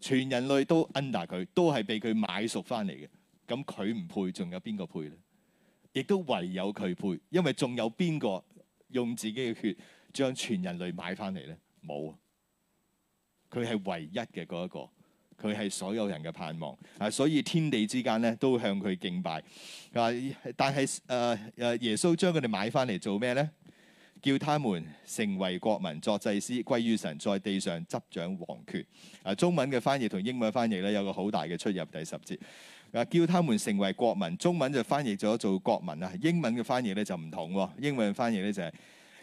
全人類都 under 佢，都係被佢買熟翻嚟嘅。咁佢唔配，仲有邊個配呢？亦都唯有佢配，因為仲有邊個用自己嘅血將全人類買翻嚟呢？冇。佢係唯一嘅嗰一個，佢係所有人嘅盼望啊！所以天地之間咧都向佢敬拜啊！但係誒誒，耶穌將佢哋買翻嚟做咩咧？叫他們成為國民作祭司，歸於神，在地上執掌王權。啊，中文嘅翻譯同英文嘅翻譯咧有個好大嘅出入。第十節啊，叫他們成為國民，中文就翻譯咗做國民啊，英文嘅翻譯咧就唔同喎，英文嘅翻譯咧就係、是。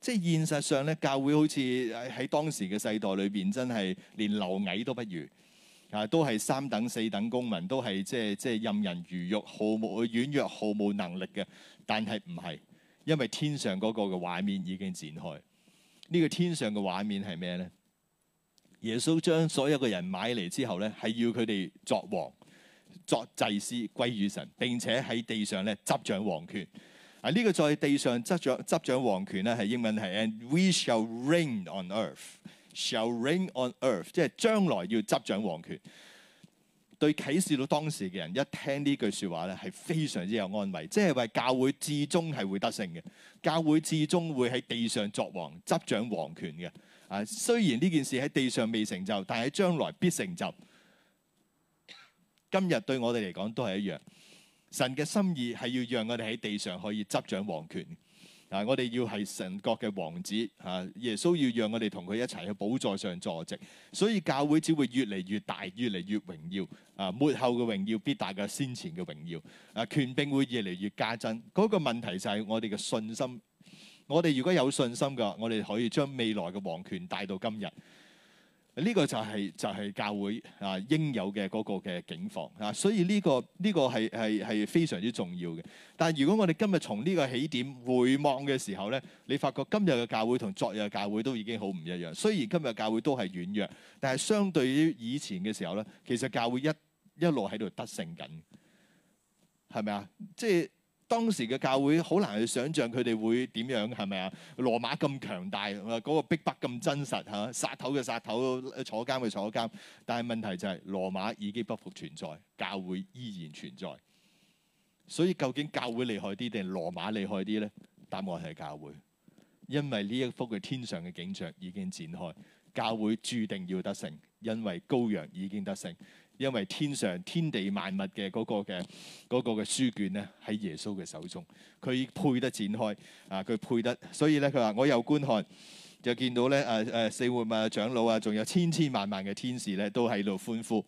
即係現實上咧，教會好似喺當時嘅世代裏邊，真係連螻蟻都不如，啊，都係三等四等公民，都係即係即係任人魚肉，毫無軟弱，毫無能力嘅。但係唔係，因為天上嗰個嘅畫面已經展開。呢個天上嘅畫面係咩咧？耶穌將所有嘅人買嚟之後咧，係要佢哋作王、作祭司，歸於神，並且喺地上咧執掌王權。啊！呢個在地上執掌執掌王權咧，係英文係，and we shall reign on earth，shall reign on earth，即係將來要執掌王權。對啟示到當時嘅人，一聽句呢句説話咧，係非常之有安慰，即係話教會至終係會得勝嘅，教會至終會喺地上作王、執掌王權嘅。啊，雖然呢件事喺地上未成就，但係將來必成就。今日對我哋嚟講都係一樣。神嘅心意係要讓我哋喺地上可以執掌皇權啊！我哋要係神國嘅王子啊！耶穌要讓我哋同佢一齊去寶座上坐席，所以教會只會越嚟越大，越嚟越榮耀啊！末後嘅榮耀必大過先前嘅榮耀啊！權柄會越嚟越加增。嗰、那個問題就係我哋嘅信心。我哋如果有信心㗎，我哋可以將未來嘅皇權帶到今日。呢個就係就係教會啊，應有嘅嗰個嘅景況啊，所以呢個呢個係係係非常之重要嘅。但係如果我哋今日從呢個起點回望嘅時候咧，你發覺今日嘅教會同昨日嘅教會都已經好唔一樣。雖然今日教會都係軟弱，但係相對於以前嘅時候咧，其實教會一一路喺度得勝緊，係咪啊？即係。當時嘅教會好難去想像佢哋會點樣，係咪啊？羅馬咁強大，嗰、那個逼迫咁真實嚇，殺頭嘅殺頭，坐監嘅坐監。但係問題就係、是、羅馬已經不復存在，教會依然存在。所以究竟教會厲害啲定羅馬厲害啲呢？答案係教會，因為呢一幅嘅天上嘅景象已經展開，教會注定要得勝，因為羔羊已經得勝。因為天上天地萬物嘅嗰、嗰個嘅嗰個嘅書卷咧，喺耶穌嘅手中，佢配得展開啊！佢配得，所以咧佢話我又觀看，就見到咧誒誒四活物、長老啊，仲有千千萬萬嘅天使咧，都喺度歡呼。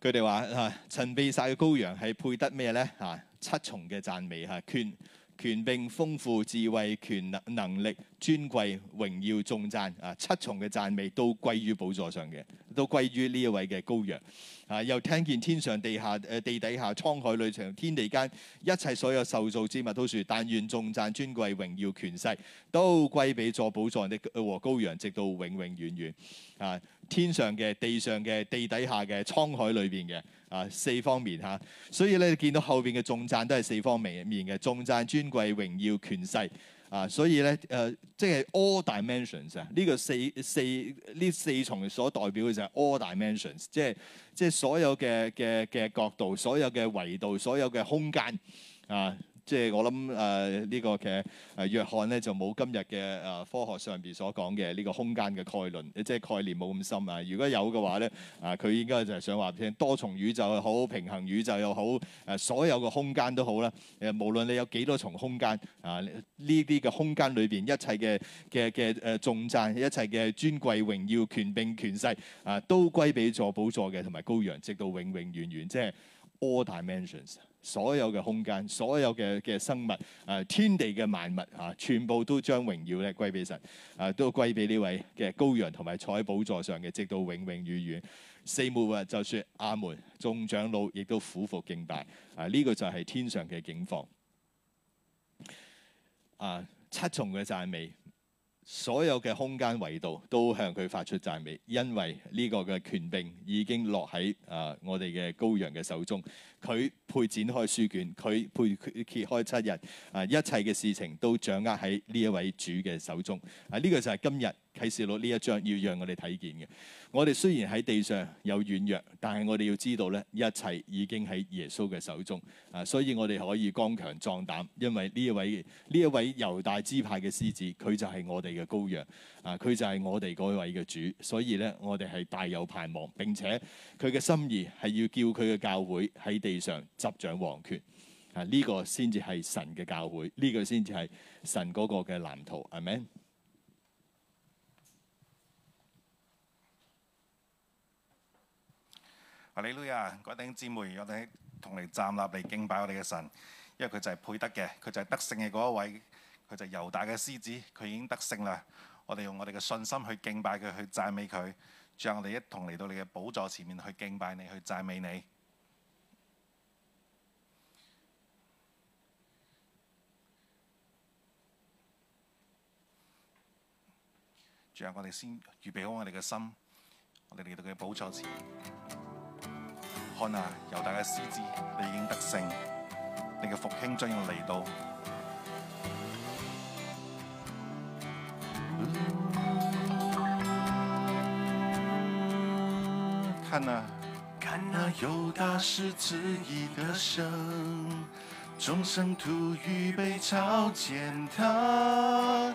佢哋話啊，曾被殺嘅羔羊係配得咩咧啊？七重嘅讚美嚇圈。權柄豐富，智慧權能能力尊貴榮耀，重讚啊！七重嘅讚美都歸於寶座上嘅，都歸於呢一位嘅羔羊。啊！又聽見天上地下、誒地底下、滄海裡長天地間一切所有受造之物都說：但願重讚尊貴榮耀權勢都歸俾坐寶座的和羔羊，直到永永遠遠。啊！天上嘅、地上嘅、地底下嘅、滄海裏邊嘅。啊，四方面嚇，所以咧見到後邊嘅重讚都係四方面面嘅，重讚尊貴榮耀權勢啊，所以咧誒、啊呃，即係 all dimensions 啊，呢個四四呢四重所代表嘅就係 all dimensions，即係即係所有嘅嘅嘅角度，所有嘅維度，所有嘅空間啊。即係我諗誒呢個嘅誒約翰咧就冇今日嘅誒科學上邊所講嘅呢個空間嘅概論，即係概念冇咁深啊！如果有嘅話咧，啊佢應該就係想話聽多重宇宙又好，平衡宇宙又好，誒所有嘅空間都好啦。誒無論你有幾多重空間啊，呢啲嘅空間裏邊一切嘅嘅嘅誒頌讚，一切嘅尊貴榮耀權柄、權勢啊，都歸俾坐寶座嘅同埋羔羊，直到永永遠遠，即係 all dimensions。所有嘅空間，所有嘅嘅生物，啊天地嘅萬物啊，全部都將榮耀咧歸俾神，啊都歸俾呢位嘅羔羊同埋坐喺寶座上嘅，直到永永遠遠。四妹啊，就説阿門，眾長老亦都俯伏敬拜，啊呢、這個就係天上嘅景況，啊七重嘅讚美。所有嘅空間維度都向佢發出讚美，因為呢個嘅權柄已經落喺啊我哋嘅羔羊嘅手中。佢配展開書卷，佢配揭開七印啊！一切嘅事情都掌握喺呢一位主嘅手中。啊，呢、這個就係今日啟示錄呢一章要讓我哋睇見嘅。我哋雖然喺地上有軟弱，但係我哋要知道咧，一切已經喺耶穌嘅手中啊，所以我哋可以剛強壯膽，因為呢一位呢一位猶大支派嘅獅子，佢就係我哋嘅羔羊啊，佢就係我哋嗰位嘅主，所以咧我哋係大有盼望。並且佢嘅心意係要叫佢嘅教會喺地上執掌王權啊，呢個先至係神嘅教會，呢個先至係神嗰個嘅藍圖。係咪？嗱，李女啊，各位姊妹，我哋一同嚟站立嚟敬拜我哋嘅神，因為佢就係配得嘅，佢就係得勝嘅嗰一位，佢就係猶大嘅獅子，佢已經得勝啦。我哋用我哋嘅信心去敬拜佢，去讚美佢。最後我哋一同嚟到你嘅寶座前面去敬拜你，去讚美你。最後我哋先預備好我哋嘅心，我哋嚟到佢嘅寶座前。看啊，猶大嘅獅子，你已經得勝，你嘅復興將要嚟到。看啊，看那、啊、猶、啊、大獅子已得勝，眾生徒欲被草剪他。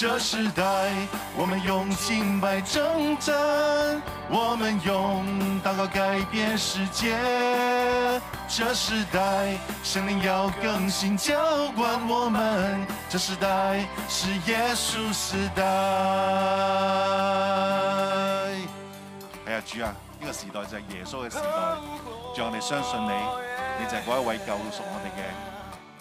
這時代，我們用敬拜征戰，我們用禱告改變世界。這時代，聖靈要更新澆灌我們。這時代，是耶穌時代。係啊、哎，主啊，呢、這個時代就係耶穌嘅時代。只要我哋相信你，oh, yeah. 你就係嗰一位救贖我哋嘅。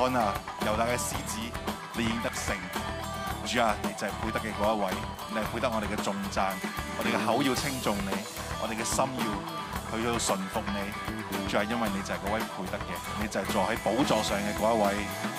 看啊，猶大嘅獅子，你應得勝。主啊，你就係配得嘅嗰一位，你係配得我哋嘅重讚，我哋嘅口要稱頌你，我哋嘅心要去到順服你，主，係因為你就係嗰位配得嘅，你就係坐喺寶座上嘅嗰一位。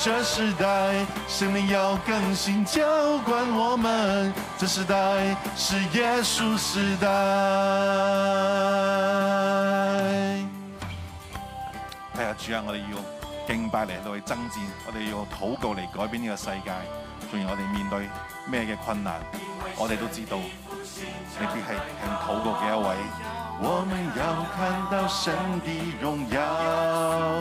這時代，聖靈要更新澆灌我們。這時代是耶穌時代。睇下主啊，我哋要敬拜嚟到去爭戰，我哋要禱告嚟改變呢個世界。仲要我哋面對咩嘅困難，我哋都知道。特別係聽禱告嘅一位，我們要看到神的榮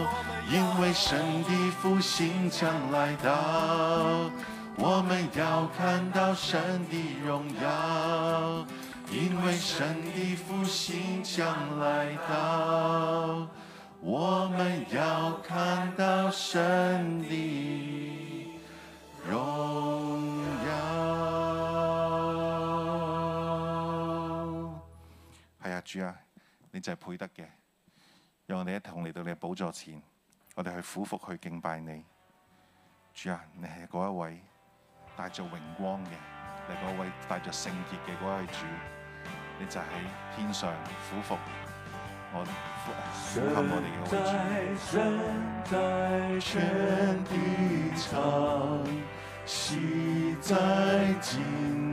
耀。因為神的復興將來到，我們要看到神的榮耀。因為神的復興將來到，我們要看到神的榮耀。係啊、哎，主啊，你就係配得嘅，讓我哋一同嚟到你嘅寶座前。我哋去俯伏去敬拜你，主啊，你係嗰一位帶着榮光嘅，你係嗰位帶着聖潔嘅嗰位主，你就喺天上俯伏，我俯俯我哋嘅嗰位主。神在神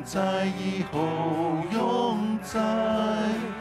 在全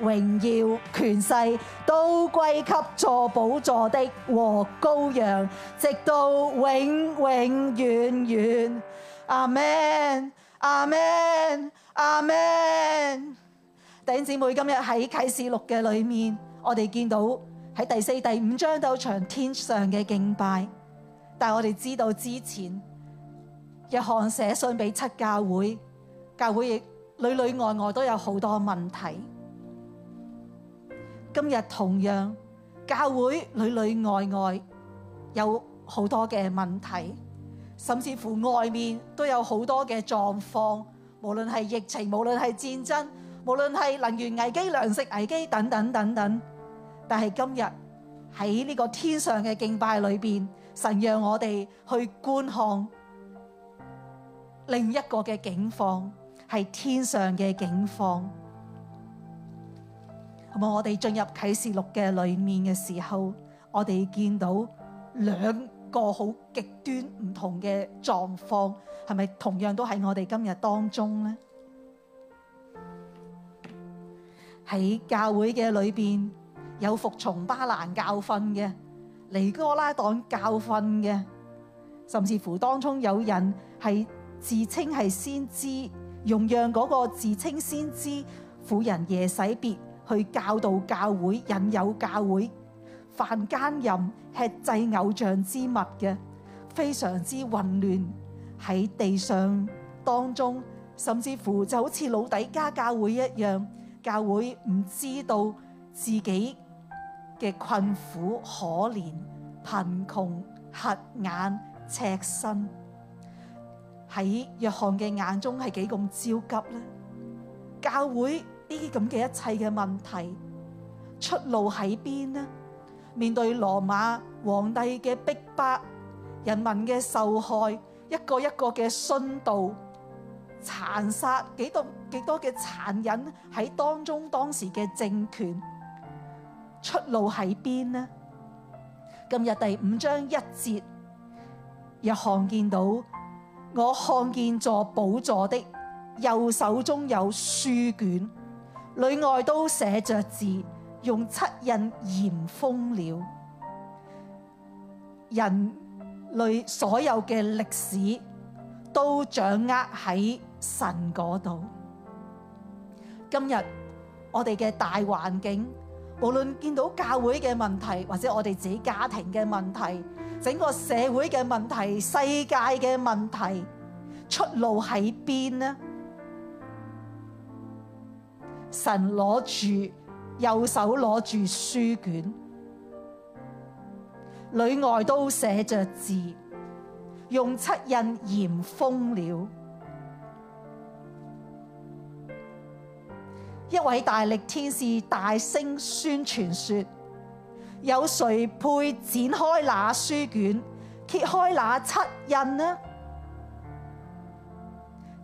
榮耀權勢都歸給坐寶座的和羔羊，直到永永遠遠。阿門，阿門，阿門。弟兄姊妹，今日喺啟示錄嘅裏面，我哋見到喺第四、第五章到場天上嘅敬拜，但係我哋知道之前，約翰寫信俾七教會，教會亦裏裏外外都有好多問題。今日同樣，教會裡裡外外有好多嘅問題，甚至乎外面都有好多嘅狀況，無論係疫情，無論係戰爭，無論係能源危機、糧食危機等等等等。但係今日喺呢個天上嘅敬拜裏邊，神讓我哋去觀看另一個嘅景況，係天上嘅景況。同埋，我哋進入啟示錄嘅裏面嘅時候，我哋見到兩個好極端唔同嘅狀況，係咪同樣都喺我哋今日當中咧？喺教會嘅裏邊有服從巴蘭教訓嘅尼哥拉黨教訓嘅，甚至乎當中有人係自稱係先知，容讓嗰個自稱先知婦人耶洗別。去教導教會，引誘教會犯奸淫，吃祭偶像之物嘅，非常之混亂喺地上當中，甚至乎就好似老底加教會一樣，教會唔知道自己嘅困苦、可憐、貧窮、瞎眼、赤身，喺約翰嘅眼中係幾咁焦急呢？教會。呢啲咁嘅一切嘅問題出路喺邊呢？面對羅馬皇帝嘅逼迫，人民嘅受害，一個一個嘅殉道殘殺，幾多幾多嘅殘忍喺當中，當時嘅政權出路喺邊呢？今日第五章一節，又看見到我看見坐寶座的右手中有書卷。裏外都寫著字，用七印嚴封了。人類所有嘅歷史都掌握喺神嗰度。今日我哋嘅大環境，無論見到教會嘅問題，或者我哋自己家庭嘅問題，整個社會嘅問題、世界嘅問題，出路喺邊呢？神攞住右手，攞住書卷，裏外都寫着字，用七印嚴封了。一位大力天使大聲宣傳說：有誰配展開那書卷、揭開那七印呢？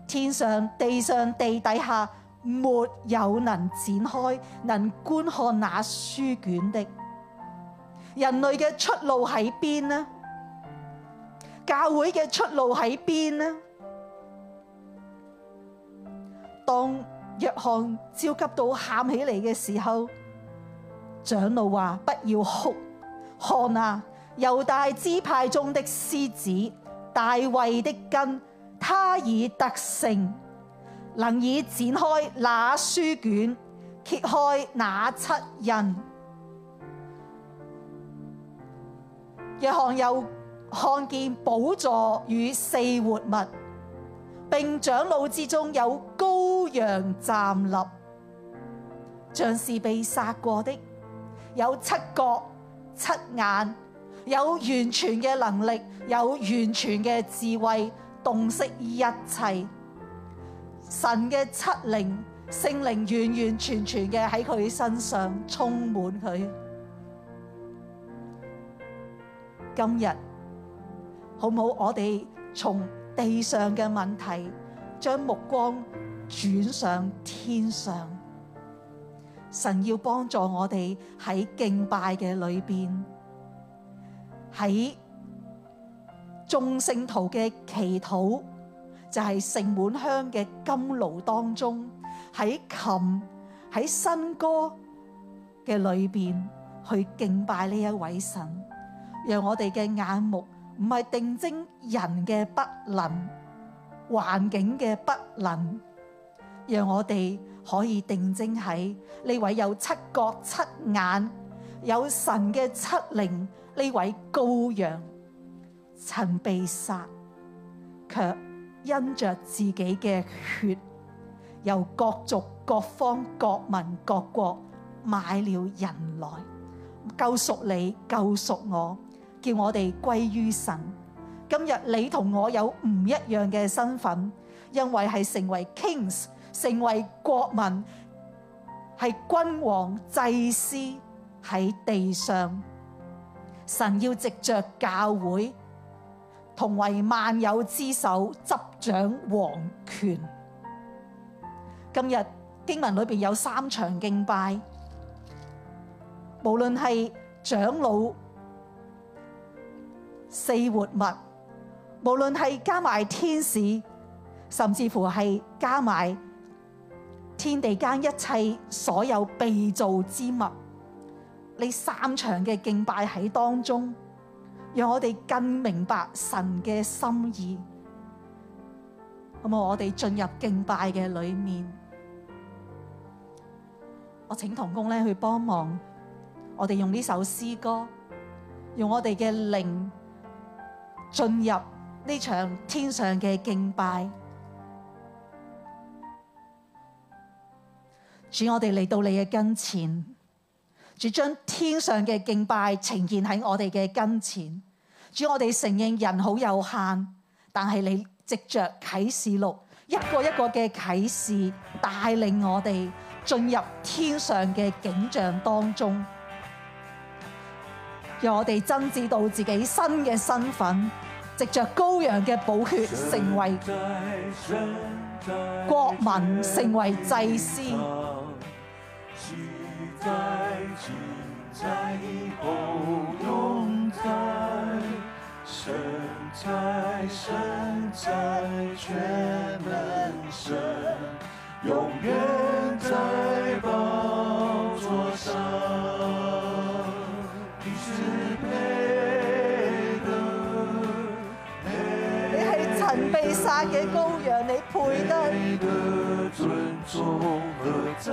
天上、地上、地底下，沒有能展開、能觀看那書卷的。人類嘅出路喺邊呢？教會嘅出路喺邊呢？當約翰焦急到喊起嚟嘅時候，長老話：不要哭，看啊，猶大支派中的獅子，大衛的根，他已得勝。能以展開那書卷，揭開那七印。約翰又看見寶座與四活物，並長老之中有羔羊站立，像是被殺過的，有七角、七眼，有完全嘅能力，有完全嘅智慧，洞悉一切。神嘅七靈聖靈完完全全嘅喺佢身上充滿佢。今日好唔好？我哋從地上嘅問題，將目光轉上天上。神要幫助我哋喺敬拜嘅裏邊，喺眾聖徒嘅祈禱，就係盛滿香嘅金爐當中，喺琴喺新歌嘅裏邊去敬拜呢一位神，讓我哋嘅眼目唔係定睛人嘅不能，環境嘅不能，讓我哋可以定睛喺呢位有七角七眼、有神嘅七靈呢位羔羊，曾被殺卻。因着自己嘅血，由各族各方各民各國買了人來，救贖你，救贖我，叫我哋歸於神。今日你同我有唔一樣嘅身份，因為係成為 kings，成為國民，係君王祭司喺地上。神要藉着教會。同為萬有之首，執掌王權。今日經文裏邊有三場敬拜，無論係長老、四活物，無論係加埋天使，甚至乎係加埋天地間一切所有被造之物，呢三場嘅敬拜喺當中。讓我哋更明白神嘅心意，咁啊，我哋進入敬拜嘅裏面。我請同工咧去幫忙，我哋用呢首詩歌，用我哋嘅靈進入呢場天上嘅敬拜。主，我哋嚟到你嘅跟前，主將天上嘅敬拜呈現喺我哋嘅跟前。主，我哋承認人好有限，但係你藉着啟示錄一個一個嘅啟示，帶領我哋進入天上嘅景象當中，讓我哋增知到自己新嘅身份，藉着羔羊嘅寶血，成為國民，成為祭司。你係曾被殺嘅羔羊，你配得。配得，配得你的尊重和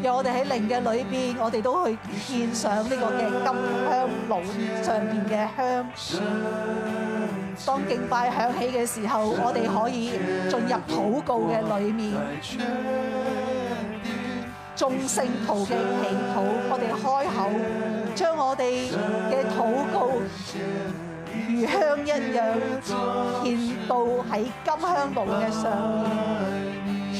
有我哋喺靈嘅裏面，我哋都去獻上呢個嘅金、金香爐上面嘅香。當敬拜響起嘅時候，我哋可以進入禱告嘅裏面，眾聖徒嘅祈禱，我哋開口將我哋嘅禱告如香一樣獻到喺金香爐嘅上面。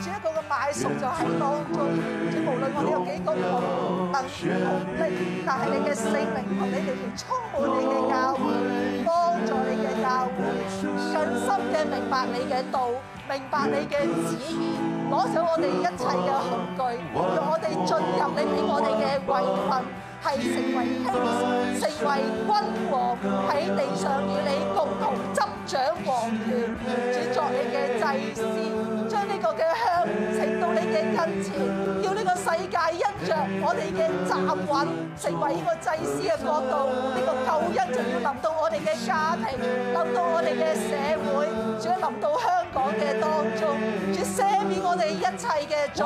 主，一個嘅買贖就喺當中，無論我哋有幾咁無能無力，但係你嘅聖靈同你哋充滿你嘅教會，幫助你嘅教會，信心嘅明白你嘅道，明白你嘅旨意，攞走我哋一切嘅恐懼，讓我哋進入你俾我哋嘅位份，係成為興成為君王喺地上與你共同執掌王權，主作你嘅祭司。呢個嘅香呈到你嘅跟前，要呢個世界因着我哋嘅站穩，成為呢個祭司嘅國度，呢、呢個救恩就要臨到我哋嘅家庭，臨到我哋嘅社會，主要臨到香港嘅當中，主赦免我哋一切嘅罪，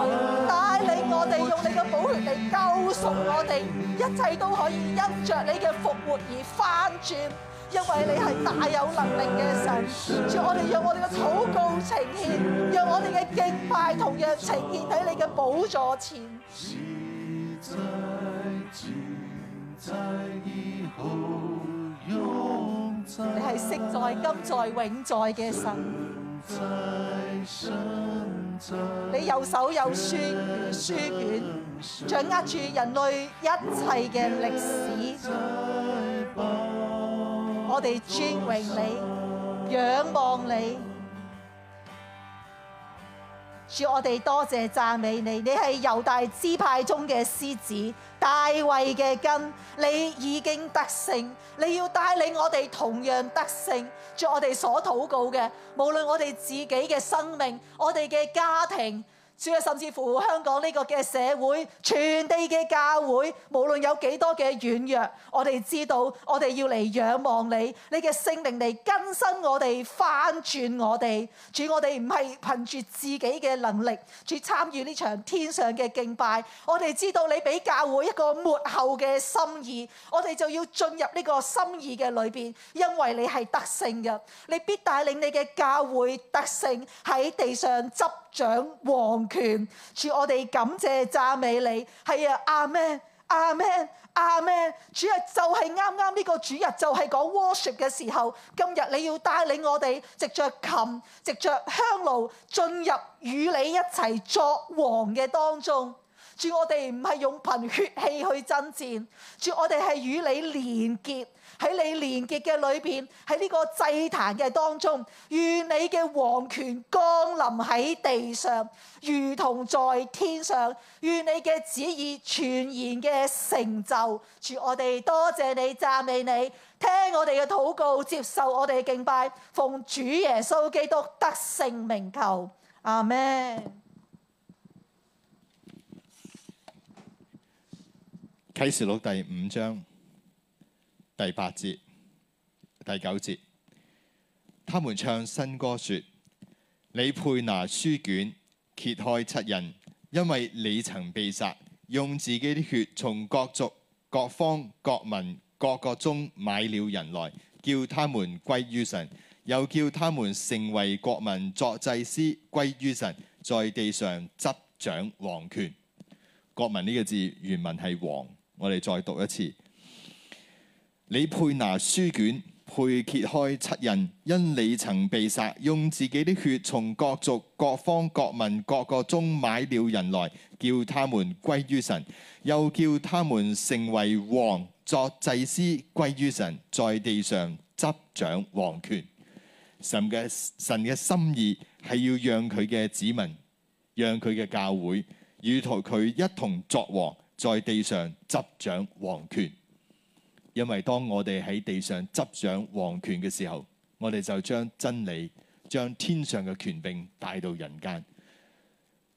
帶領我哋用你嘅寶血嚟救贖我哋，一切都可以因着你嘅復活而翻轉。因為你係大有能力嘅神，神在，讓我哋讓我哋嘅禱告呈獻，讓我哋嘅敬拜同樣呈獻喺你嘅寶座前。彩你係昔在、今在、永在嘅神。神在你右手有書書卷，掌握住人類一切嘅歷史。我哋尊榮你，仰望你，主，我哋多謝謝讚美你。你係猶大支派中嘅獅子，大衛嘅根，你已經得勝，你要帶領我哋同樣得勝。主，我哋所禱告嘅，無論我哋自己嘅生命，我哋嘅家庭。主啊，甚至乎香港呢個嘅社會，全地嘅教會，無論有幾多嘅軟弱，我哋知道，我哋要嚟仰望你，你嘅聖靈嚟更新我哋，翻轉我哋。主，我哋唔係憑住自己嘅能力去參與呢場天上嘅敬拜。我哋知道你俾教會一個末後嘅心意，我哋就要進入呢個心意嘅裏邊，因為你係得勝嘅，你必帶領你嘅教會得勝喺地上執掌王權，主我哋感謝讚美你，係啊，阿們，阿們，阿們。主日就係啱啱呢個主日，就係講 worship 嘅時候。今日你要帶領我哋，藉着琴，藉着香爐，進入與你一齊作王嘅當中。主我哋唔係用憑血氣去爭戰，主我哋係與你連結。喺你連結嘅裏邊，喺呢個祭壇嘅當中，願你嘅王權光臨喺地上，如同在天上。願你嘅旨意全然嘅成就。主，我哋多謝你，讚美你，聽我哋嘅禱告，接受我哋嘅敬拜，奉主耶穌基督得勝名求。阿門。啟示錄第五章。第八節、第九節，他們唱新歌說，説：你配拿書卷，揭開七印，因為你曾被殺，用自己的血從各族、各方、各民、各國中買了人來，叫他們歸於神，又叫他們成為國民，作祭司歸於神，在地上執掌王權。國民呢個字原文係王，我哋再讀一次。你配拿書卷，配揭開七印，因你曾被殺，用自己的血從各族、各方、各民、各國中買了人來，叫他們歸於神，又叫他們成為王，作祭司歸於神，在地上執掌王權。神嘅神嘅心意係要讓佢嘅子民，讓佢嘅教會與同佢一同作王，在地上執掌王權。因為當我哋喺地上執掌王權嘅時候，我哋就將真理、將天上嘅權柄帶到人間，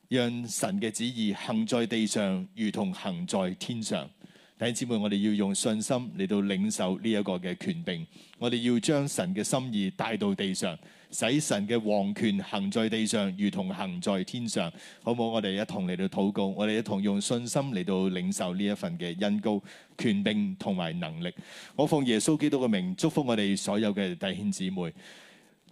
讓神嘅旨意行在地上，如同行在天上。弟兄姊妹，我哋要用信心嚟到領受呢一個嘅權柄，我哋要將神嘅心意帶到地上。使神嘅王權行在地上，如同行在天上，好唔好？我哋一同嚟到禱告，我哋一同用信心嚟到領受呢一份嘅恩膏、權柄同埋能力。我奉耶穌基督嘅名祝福我哋所有嘅弟兄姊妹。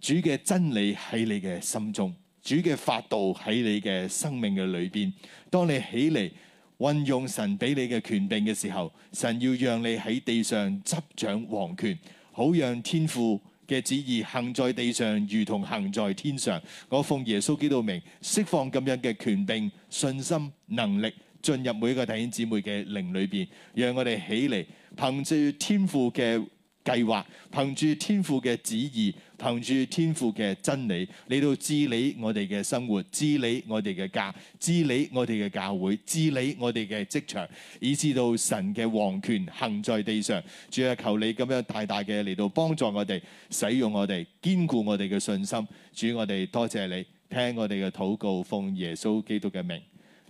主嘅真理喺你嘅心中，主嘅法度喺你嘅生命嘅裏邊。當你起嚟運用神俾你嘅權柄嘅時候，神要讓你喺地上執掌王權，好讓天父嘅旨意行在地上，如同行在天上。我奉耶穌基督名，釋放咁樣嘅權柄、信心、能力，進入每一個弟兄姊妹嘅靈裏邊，讓我哋起嚟，憑住天父嘅計劃，憑住天父嘅旨意。憑住天父嘅真理嚟到治理我哋嘅生活，治理我哋嘅家，治理我哋嘅教會，治理我哋嘅職場，以至到神嘅王權行在地上。主啊，求你咁樣大大嘅嚟到幫助我哋，使用我哋，堅固我哋嘅信心。主，我哋多謝你，聽我哋嘅禱告，奉耶穌基督嘅名，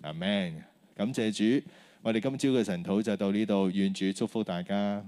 阿門。感謝主，我哋今朝嘅神禱就到呢度，願主祝福大家。